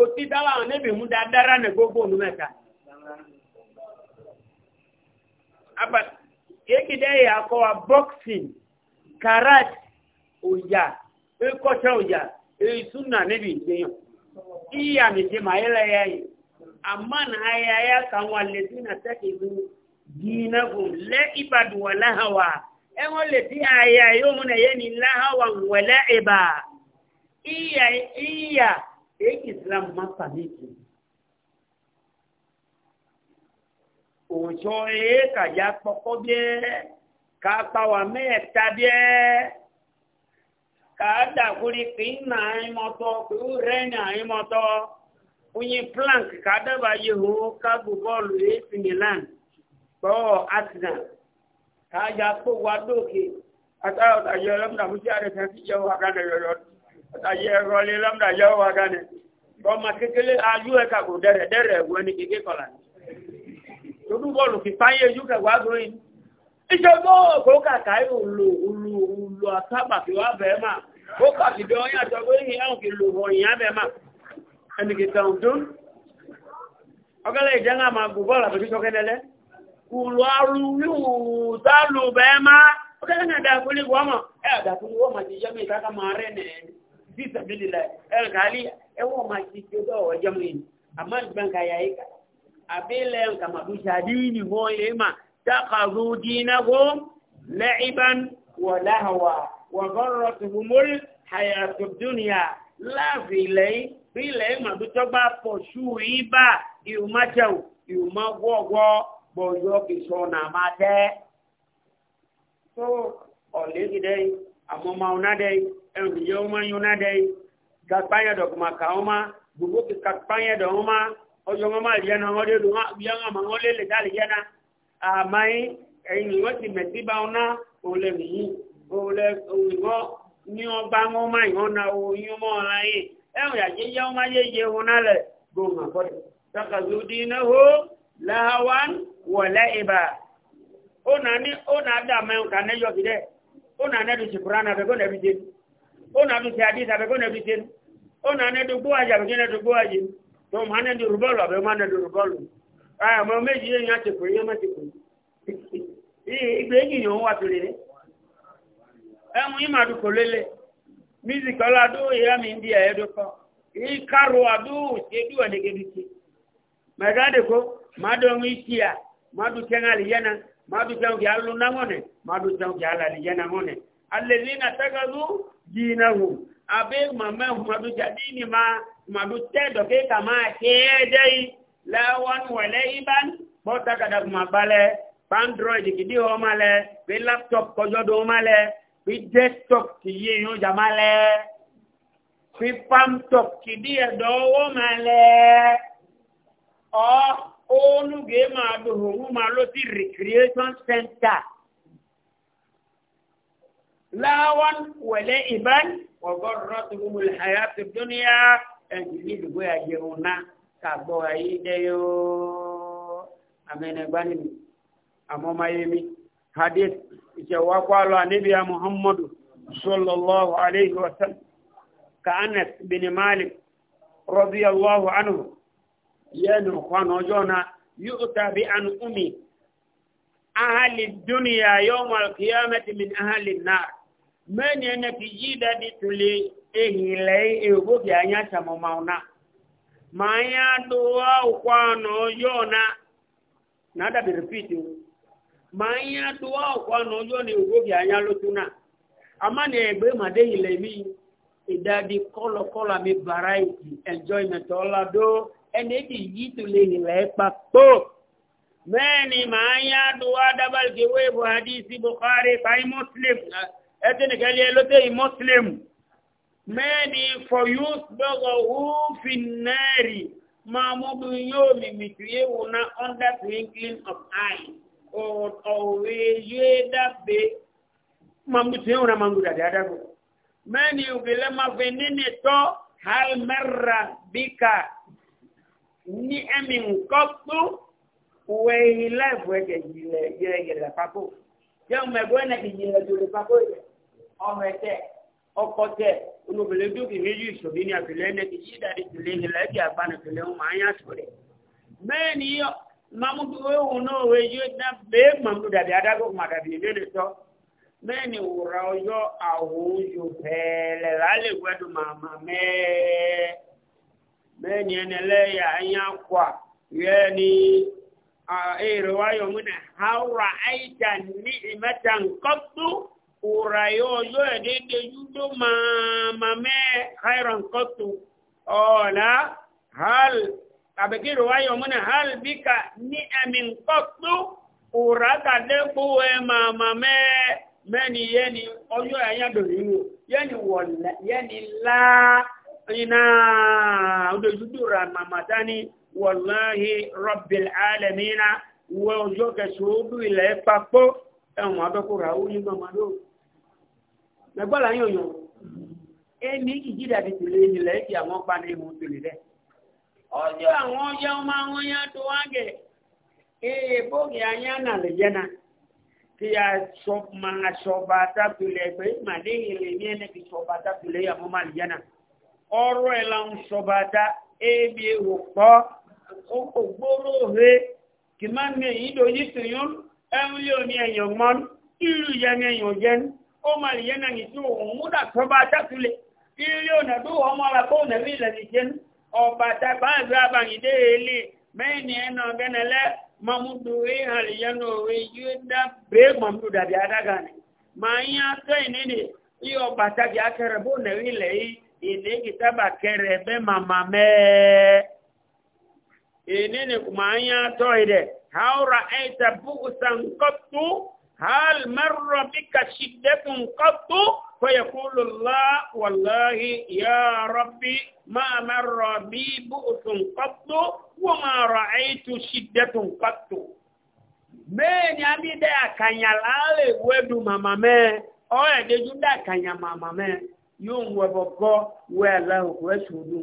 òtí dáwà àwọn níbi mú dáadára ní gbogbo òun mẹ́ta. kéèkìdé ìyàkọ́ wa boxing karat òjà ekọ́ṣẹ́ òjà ìsúnà níbi ìgbéyàn ìyà méje màá yẹ lẹ́yà yìí àmọ́ náà ayẹyẹ kan wà létí náà tẹ́kì ìlú dìínàgùn lẹ́ ìbàdàn wà láhàwà ẹ̀wọ̀n létí ayẹyẹ yóò múnà yẹ́ ni láhàwà ìbà èyí islam má pàmìtì òòjọ́ èé kàjá pọ́kọ́ bíẹ́ ká pàwà mẹ́ẹ̀ta bíẹ́ ká dàkúrí kì í nà àìmọ́tọ́ kì í rẹ́ ní àìmọ́tọ́ oyin plank ká dábà yehò ká gbogbo ac milan gbọ́ arsenal ká yà pọ̀ wá lókè àtàwọn àyẹ̀wò ọlọ́mọdàmúsí àrẹ̀fẹ́ fi jẹ́ wà kánà yọ̀yọ̀ tó àtàyè ẹ̀rọ lé lọ́mdà yọ wá gánà bọ́mà kékeré ayú ẹ̀ka kò dẹ̀rẹ̀ dẹ̀rẹ̀ ẹ̀wọ́ ní kékeré kọ̀là ní. lórí bọ́ọ̀lù fífa yé ju kẹwàá dùn yìí. iṣẹ́ bọ́ọ̀ kó kàkà yóò lò lò lò àtàgbà fi wá bẹ́ẹ̀ mà kó kàkì dán yàtọ̀ pé yìí àwọn kì í lò wọ̀ yìí abẹ́ mà. ẹnì kìkà ń dún. ọ̀gẹ́lẹ̀ máa gùn bọ́ọ̀lù àbẹ̀bí sọ́kẹ́nẹ́lẹ́ kùlù arúgbó tá lò bẹ́ẹ̀ fi sabilillah el gali e wo ma ci ci do wa jamin amma ban ka yayi ka abele en kama du shadini ho yema taqazu dinahum la'iban wa lahwa wa gharratuhum al hayatud dunya la fi lay fi lay ma du togba po shu iba iu ma jau iu ma gogo bo yo na ma de so o le gidei amo mauna ẹnìyẹ ọmọ yúnádẹ kàkpáyà dọ̀kùmà kà ọmọ gbogbo kì kàkpáyà dọ̀ ọmọ ọjọ́ ọmọ àlìyẹ náà wọ́n lé lu yẹn ọmọ wọn lé lè dálìyẹ náà àmàyí ẹ̀yìn wọ́n ti mẹ̀tí bá wọn náà òlẹ̀ nìyí òlẹ̀ òyìnbó ní ọgbà wọn máa yàn náà oyún ọmọ ọ̀la yìí ẹ̀wọ̀n yàjẹ́ yẹ́ wọn máa yé yẹ wọn náà lẹ̀ gbòòmà kọ́dọ̀ ó nà ní ó nà dà mẹ́wọ̀n kà nẹ́yọ̀ kìdẹ́ ó nà nẹ́dùn sìkúrà náà bẹ́ẹ̀ kó nẹ́bi jẹ́ bi ona du sadi sabe ko ne du sen ona ne du gwa ja ne du gwa ji to ma ne du rubol abe ma ne du rubol ah mo meji ye nya te ko ye ma te ko e igbe ji yo wa to le e mu ima du ko lele music ola du ya mi ndi e do ko i karu adu se du ne ke du ti ma ga de ko ma do mi tia ma du tenga li yana ma du tenga ki alu na ngone ma du tenga ki yana ngone alẹ́lẹ́nà tẹ́gàdú jìnnà wò abẹ́ màmá màdú jáde ní ma màdú tẹ́dọ̀ kí kà máa ṣe é dẹ́ yìí lẹ́wọ́n wẹ̀lẹ́ ibán bọ́tà kàdà kùmà balẹ̀ pandroid kìdí hàn má lẹ̀ bí laptop kọjọ́ dùn má lẹ̀ bí desktop kì yé yín jà má lẹ̀ bí palmtop kìdí ẹ̀dọ̀ ọwọ́ má lẹ̀ ọ́ olùgé màdú òun má lọ sí recreation center. láwọn wẹ̀lẹ́ ìbán ọgọ́rọ̀ tó mú ìhàyà tó dúnìyà ẹ̀jìlì ìdìbò àjẹun náà kàgbọ́ ayé dẹ́yọ́ amẹ́nẹ̀gbani mi àmọ́mayémi hadith ìṣẹ̀wá kwalọ́ anábíà muhammadu sallallahu alayhi wa sallam ka anas bin malik radiyallahu anhu yẹnu kwan ọjọ́ náà yóò bi an umi ahali duniya yawmal qiyamati min ahali náà. mẹ́ni ẹni fi yí dadi tó lè ehi lẹ́ èwòbó bí anya sàmọ́mà ọ̀nà mà anya tó wá òkú àná yọ ọ̀nà náà dàbí repeat o mà anya tó wá òkú àná yọ ọ̀nà anya ló tún náà àmàni ẹgbẹ́ màdé yìí lẹ́ mi ìdadi kọ́lọ̀kọ́lọ̀ mi variety enjoyment ọ̀làdó ẹni èdè yí tó lè ehi lẹ́ pàpọ̀ mẹ́ni mà anya tó wá dábàlì kéwé bu hadisi bukhari fàyí muslim náà ẹtẹnìkan lé lóde yìí mọ́sílẹ̀mù mẹ́ni fọyú gbọ́gọ̀ húfin náírì máa mú bí yóò mímì tí yé wò ná under twinkling of eye ọ̀wé yé dábẹ́ mangu tí yóò ná mangu dàdé adágò mẹ́ni òbílẹ̀ máa fi níní tọ́ halmẹ́ra bíkà ní ẹ̀mí nǹkan tó wẹ̀yìn láìpẹ́ jẹ̀ yìí lẹ̀ yẹ̀rẹ̀ yẹ̀rẹ̀ papò jẹ́ ọmọ ẹ̀gbọ́n ẹ̀ ọmọ ẹ̀tẹ́ ọkọ̀ tẹ̀ olùbẹ̀lẹ̀ dúkì méjì ìṣòbí ní àfilẹ́ ẹ̀ndẹ́ ti yídà ní tìlẹ̀ ní lẹ́bí àgbanàfilẹ̀ wọn máa ń yàtọ̀ rẹ̀. bẹ́ẹ̀ ni mamudu ewu náà wẹ̀ yóò dá bẹ́ẹ̀ mamudu dàbí adágún kò má dàbí ìlẹ́lẹ̀ tọ́ bẹ́ẹ̀ ni wùrà ọjọ́ àwòjù bẹ́ẹ̀lẹ̀ lálẹ́ gbẹ́dùn màmá mẹ́ẹ̀ bẹ́ẹ̀ ni ẹni ẹlẹ́yà ẹ̀yà kwa yẹ́ ni èrè wáyọ̀ múnà hàwùrà urayo ojo ede dejudo mamame khairan kotu ola hal abeki ruwayo muna hal bika ni amin kotu uraka dekuwe mamame mẹni yẹni ọjọ ẹyàdọ nínú yẹni wọlẹ yẹni lá iná odojudo ra mamata ni wọláhi rọbìl alẹmínà wọ ọjọ kẹsàn-án ó dùn ilẹ̀ papọ̀ ẹ̀wọ̀n abẹ́kùnrin àwọn onímọ̀ màdó mẹgbọ́lá yóò yọ ẹni ìjídàdì tó lé nílẹ̀ èdè àwọn ọgbà ní ìmú tó lè rẹ̀ ọjọ́ àwọn ọjọ́ máa wọ́n yá tó wá gẹ̀ ee bóògì ayé ànàlẹ̀ yẹna tí a sọ máa sọba tábìlẹ̀ pé màdé ìrìn ní ẹni tí sọba tábìlẹ̀ yà mọ́ màlì yẹna ọrọ̀ ẹ̀ la ń sọba tá ebi ò pọ̀ ògbóró he kì má ní èyí lóyún tìyún ẹ̀ ń lé òní ẹ̀yàn mọ́ ìlú yẹn ẹ̀yàn jẹ́nu ọmọ ìyẹn náà nìtú òun múdà tó bá sátúlé ilé ọ̀nà tó wọ́n mọ́ra kó ọ̀nà bí ilẹ̀ nìjẹ́ nù ọ̀bà tàbá àgbà àbàyìndé èlé mẹ́ni ẹ̀nà ọ̀gẹ́nẹ̀lẹ́ mọ́múdù ìhàn ìyẹn náà òwe yóò dá bẹ́ẹ̀ mọ́múdù dàbí adága ni màá yín akẹ́ ìníni iyọ̀ pàtàkì akẹrẹ bó ọ̀nà ilẹ̀ yìí ìní kìtàbà kẹrẹ bẹ́ màmá mẹ́ẹ́ ìníni هل مر بك شدة قط فيقول الله والله يا ربي ما مر بي بؤس قط وما رأيت شدة قط bẹ́ẹ̀ ni a bí dẹ́ àkànyà láàrẹ̀ wẹ́dù màmá mẹ́ ọ́ ẹ̀dẹ́jú dẹ́ àkànyà màmá mẹ́ yóò ń wẹ̀bọ̀ kọ́ wẹ́ aláhùn wẹ́ sùúrù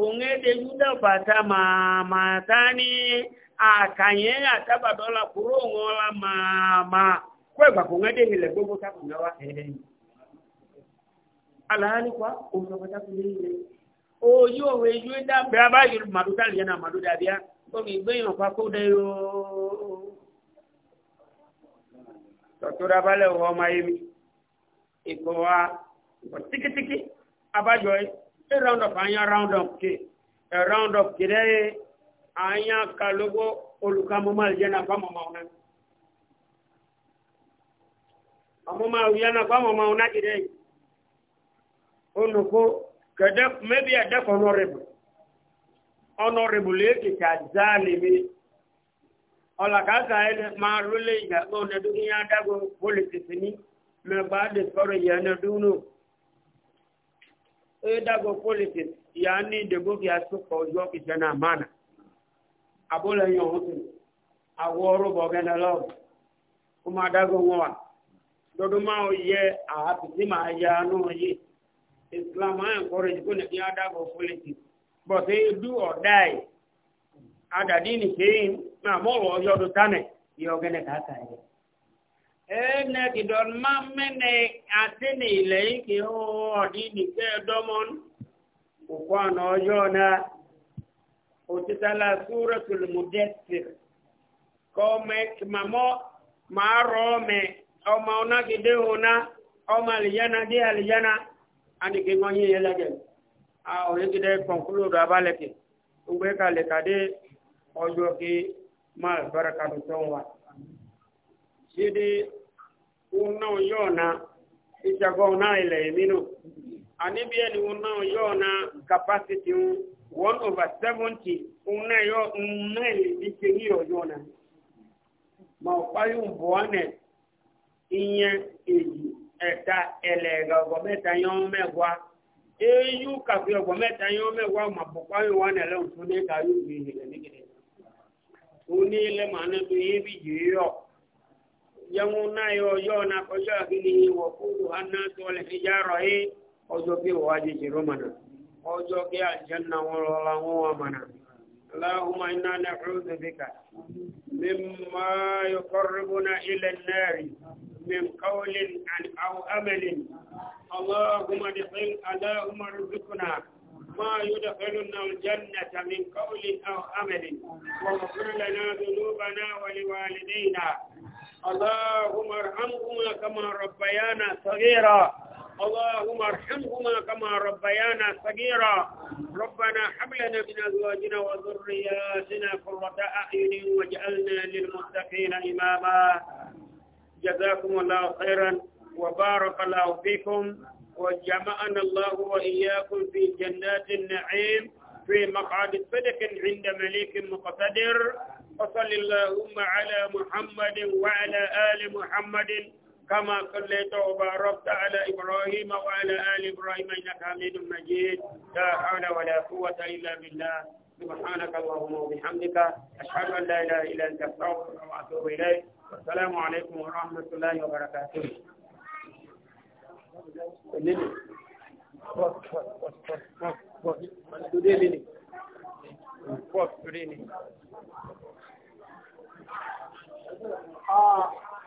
òun ẹ̀dẹ́jú dẹ́ bàtà màmá akanye atabado la kuro ngola mama kwe kwa kungade ile gogo ta kungawa eh alahani kwa ungapata kunile oyo weyo da baba yul maduta yana maduda bia ko mi gbeyan kwa ko yo bale wa anya ke anya kalogo olukamo aljana kwa mama una amoma uyana kwa mama una kidai onoko kada maybe ada honorable honorable yake cha zalimi ola kaka ele marule ya ona dunia dago politics ni me baada soro yana dunu e dago politics yani debo ya soko yo kijana mana abúlé yàn wọn tún àwọ rúbọ gẹnẹ lọ kó máa dágọ wọn wà dodo máa yẹ àhàpìtì máa yá náà yé islam á encourage kó nìkí adágọ fúlẹtì bọ̀sẹ̀ idú ọ̀dá ẹ̀ adàdí ni sẹ́yìn máa mọ̀rọ̀ ọjọ́ tó tánẹ̀ yọ gẹnẹ kàákà yẹ. ẹnẹ kìdọ̀n máa mẹ́nẹ àti ní ilẹ̀ yìí kì í ọ̀dí nìkẹ́ dọ́mọ́n òkú àná otitala suratul mudaththir kome mamo marome ọmọ ọ̀nà gidi ọ̀nà ọmọ àlìyáná dé àlìyáná àdìgé wọn yé ẹlẹ́gẹ̀ àwọn gidi kọ̀ǹkúlódù abálẹ̀kẹ̀ gbogbo ẹ̀ka lẹ́kàdé ọjọ́ kí máa bárakà tó tán wa. ṣíde ọ̀nà yọ̀ọ̀nà ìṣàgọ́ ọ̀nà ilẹ̀ mìíràn. anibia ni unaoiona capacity one over seventy unayo mneli ichengioyona maopayu mbone inye eji ẹta ẹlẹga ọgọmẹta yẹn mẹwa eyu kàfi ọgọmẹta yẹn mẹwa màbùkpayu wa nílẹ nfúnni kàyọ fi ka nìkìlẹ òní ilẹ màánà tó yẹ bi e, yìí na yẹn ŋun ọjọ́ kí wọ́n wájú ìṣirò mọ̀nà ọjọ́ kí àjẹ́nà wọn lọ́la wọn wà mọ̀nà aláhùnmá iná ní àkúrúsì fíkà mímọ́ yọkọrìbùnà ilẹ̀ náírì من قول أو أمل اللهم دخل اللهم رزقنا ما يدخلنا الجنة من قول أو أمل واغفر لنا ذنوبنا ولوالدينا اللهم ارحمهما كما ربيانا صغيرا اللهم ارحمهما كما ربيانا صغيرا ربنا حملنا لنا من ازواجنا وذرياتنا قرة اعين واجعلنا للمتقين اماما جزاكم الله خيرا وبارك الله فيكم وجمعنا الله واياكم في جنات النعيم في مقعد صدق عند مليك مقتدر وصل اللهم على محمد وعلى ال محمد كما صليت وباركت على إبراهيم وعلى آل إبراهيم إنك حميد مجيد لا حول ولا قوة إلا بالله سبحانك اللهم وبحمدك أشهد أن لا إله إلا أنت أستغفرك وأتوب إليك والسلام عليكم ورحمة الله وبركاته. Ah.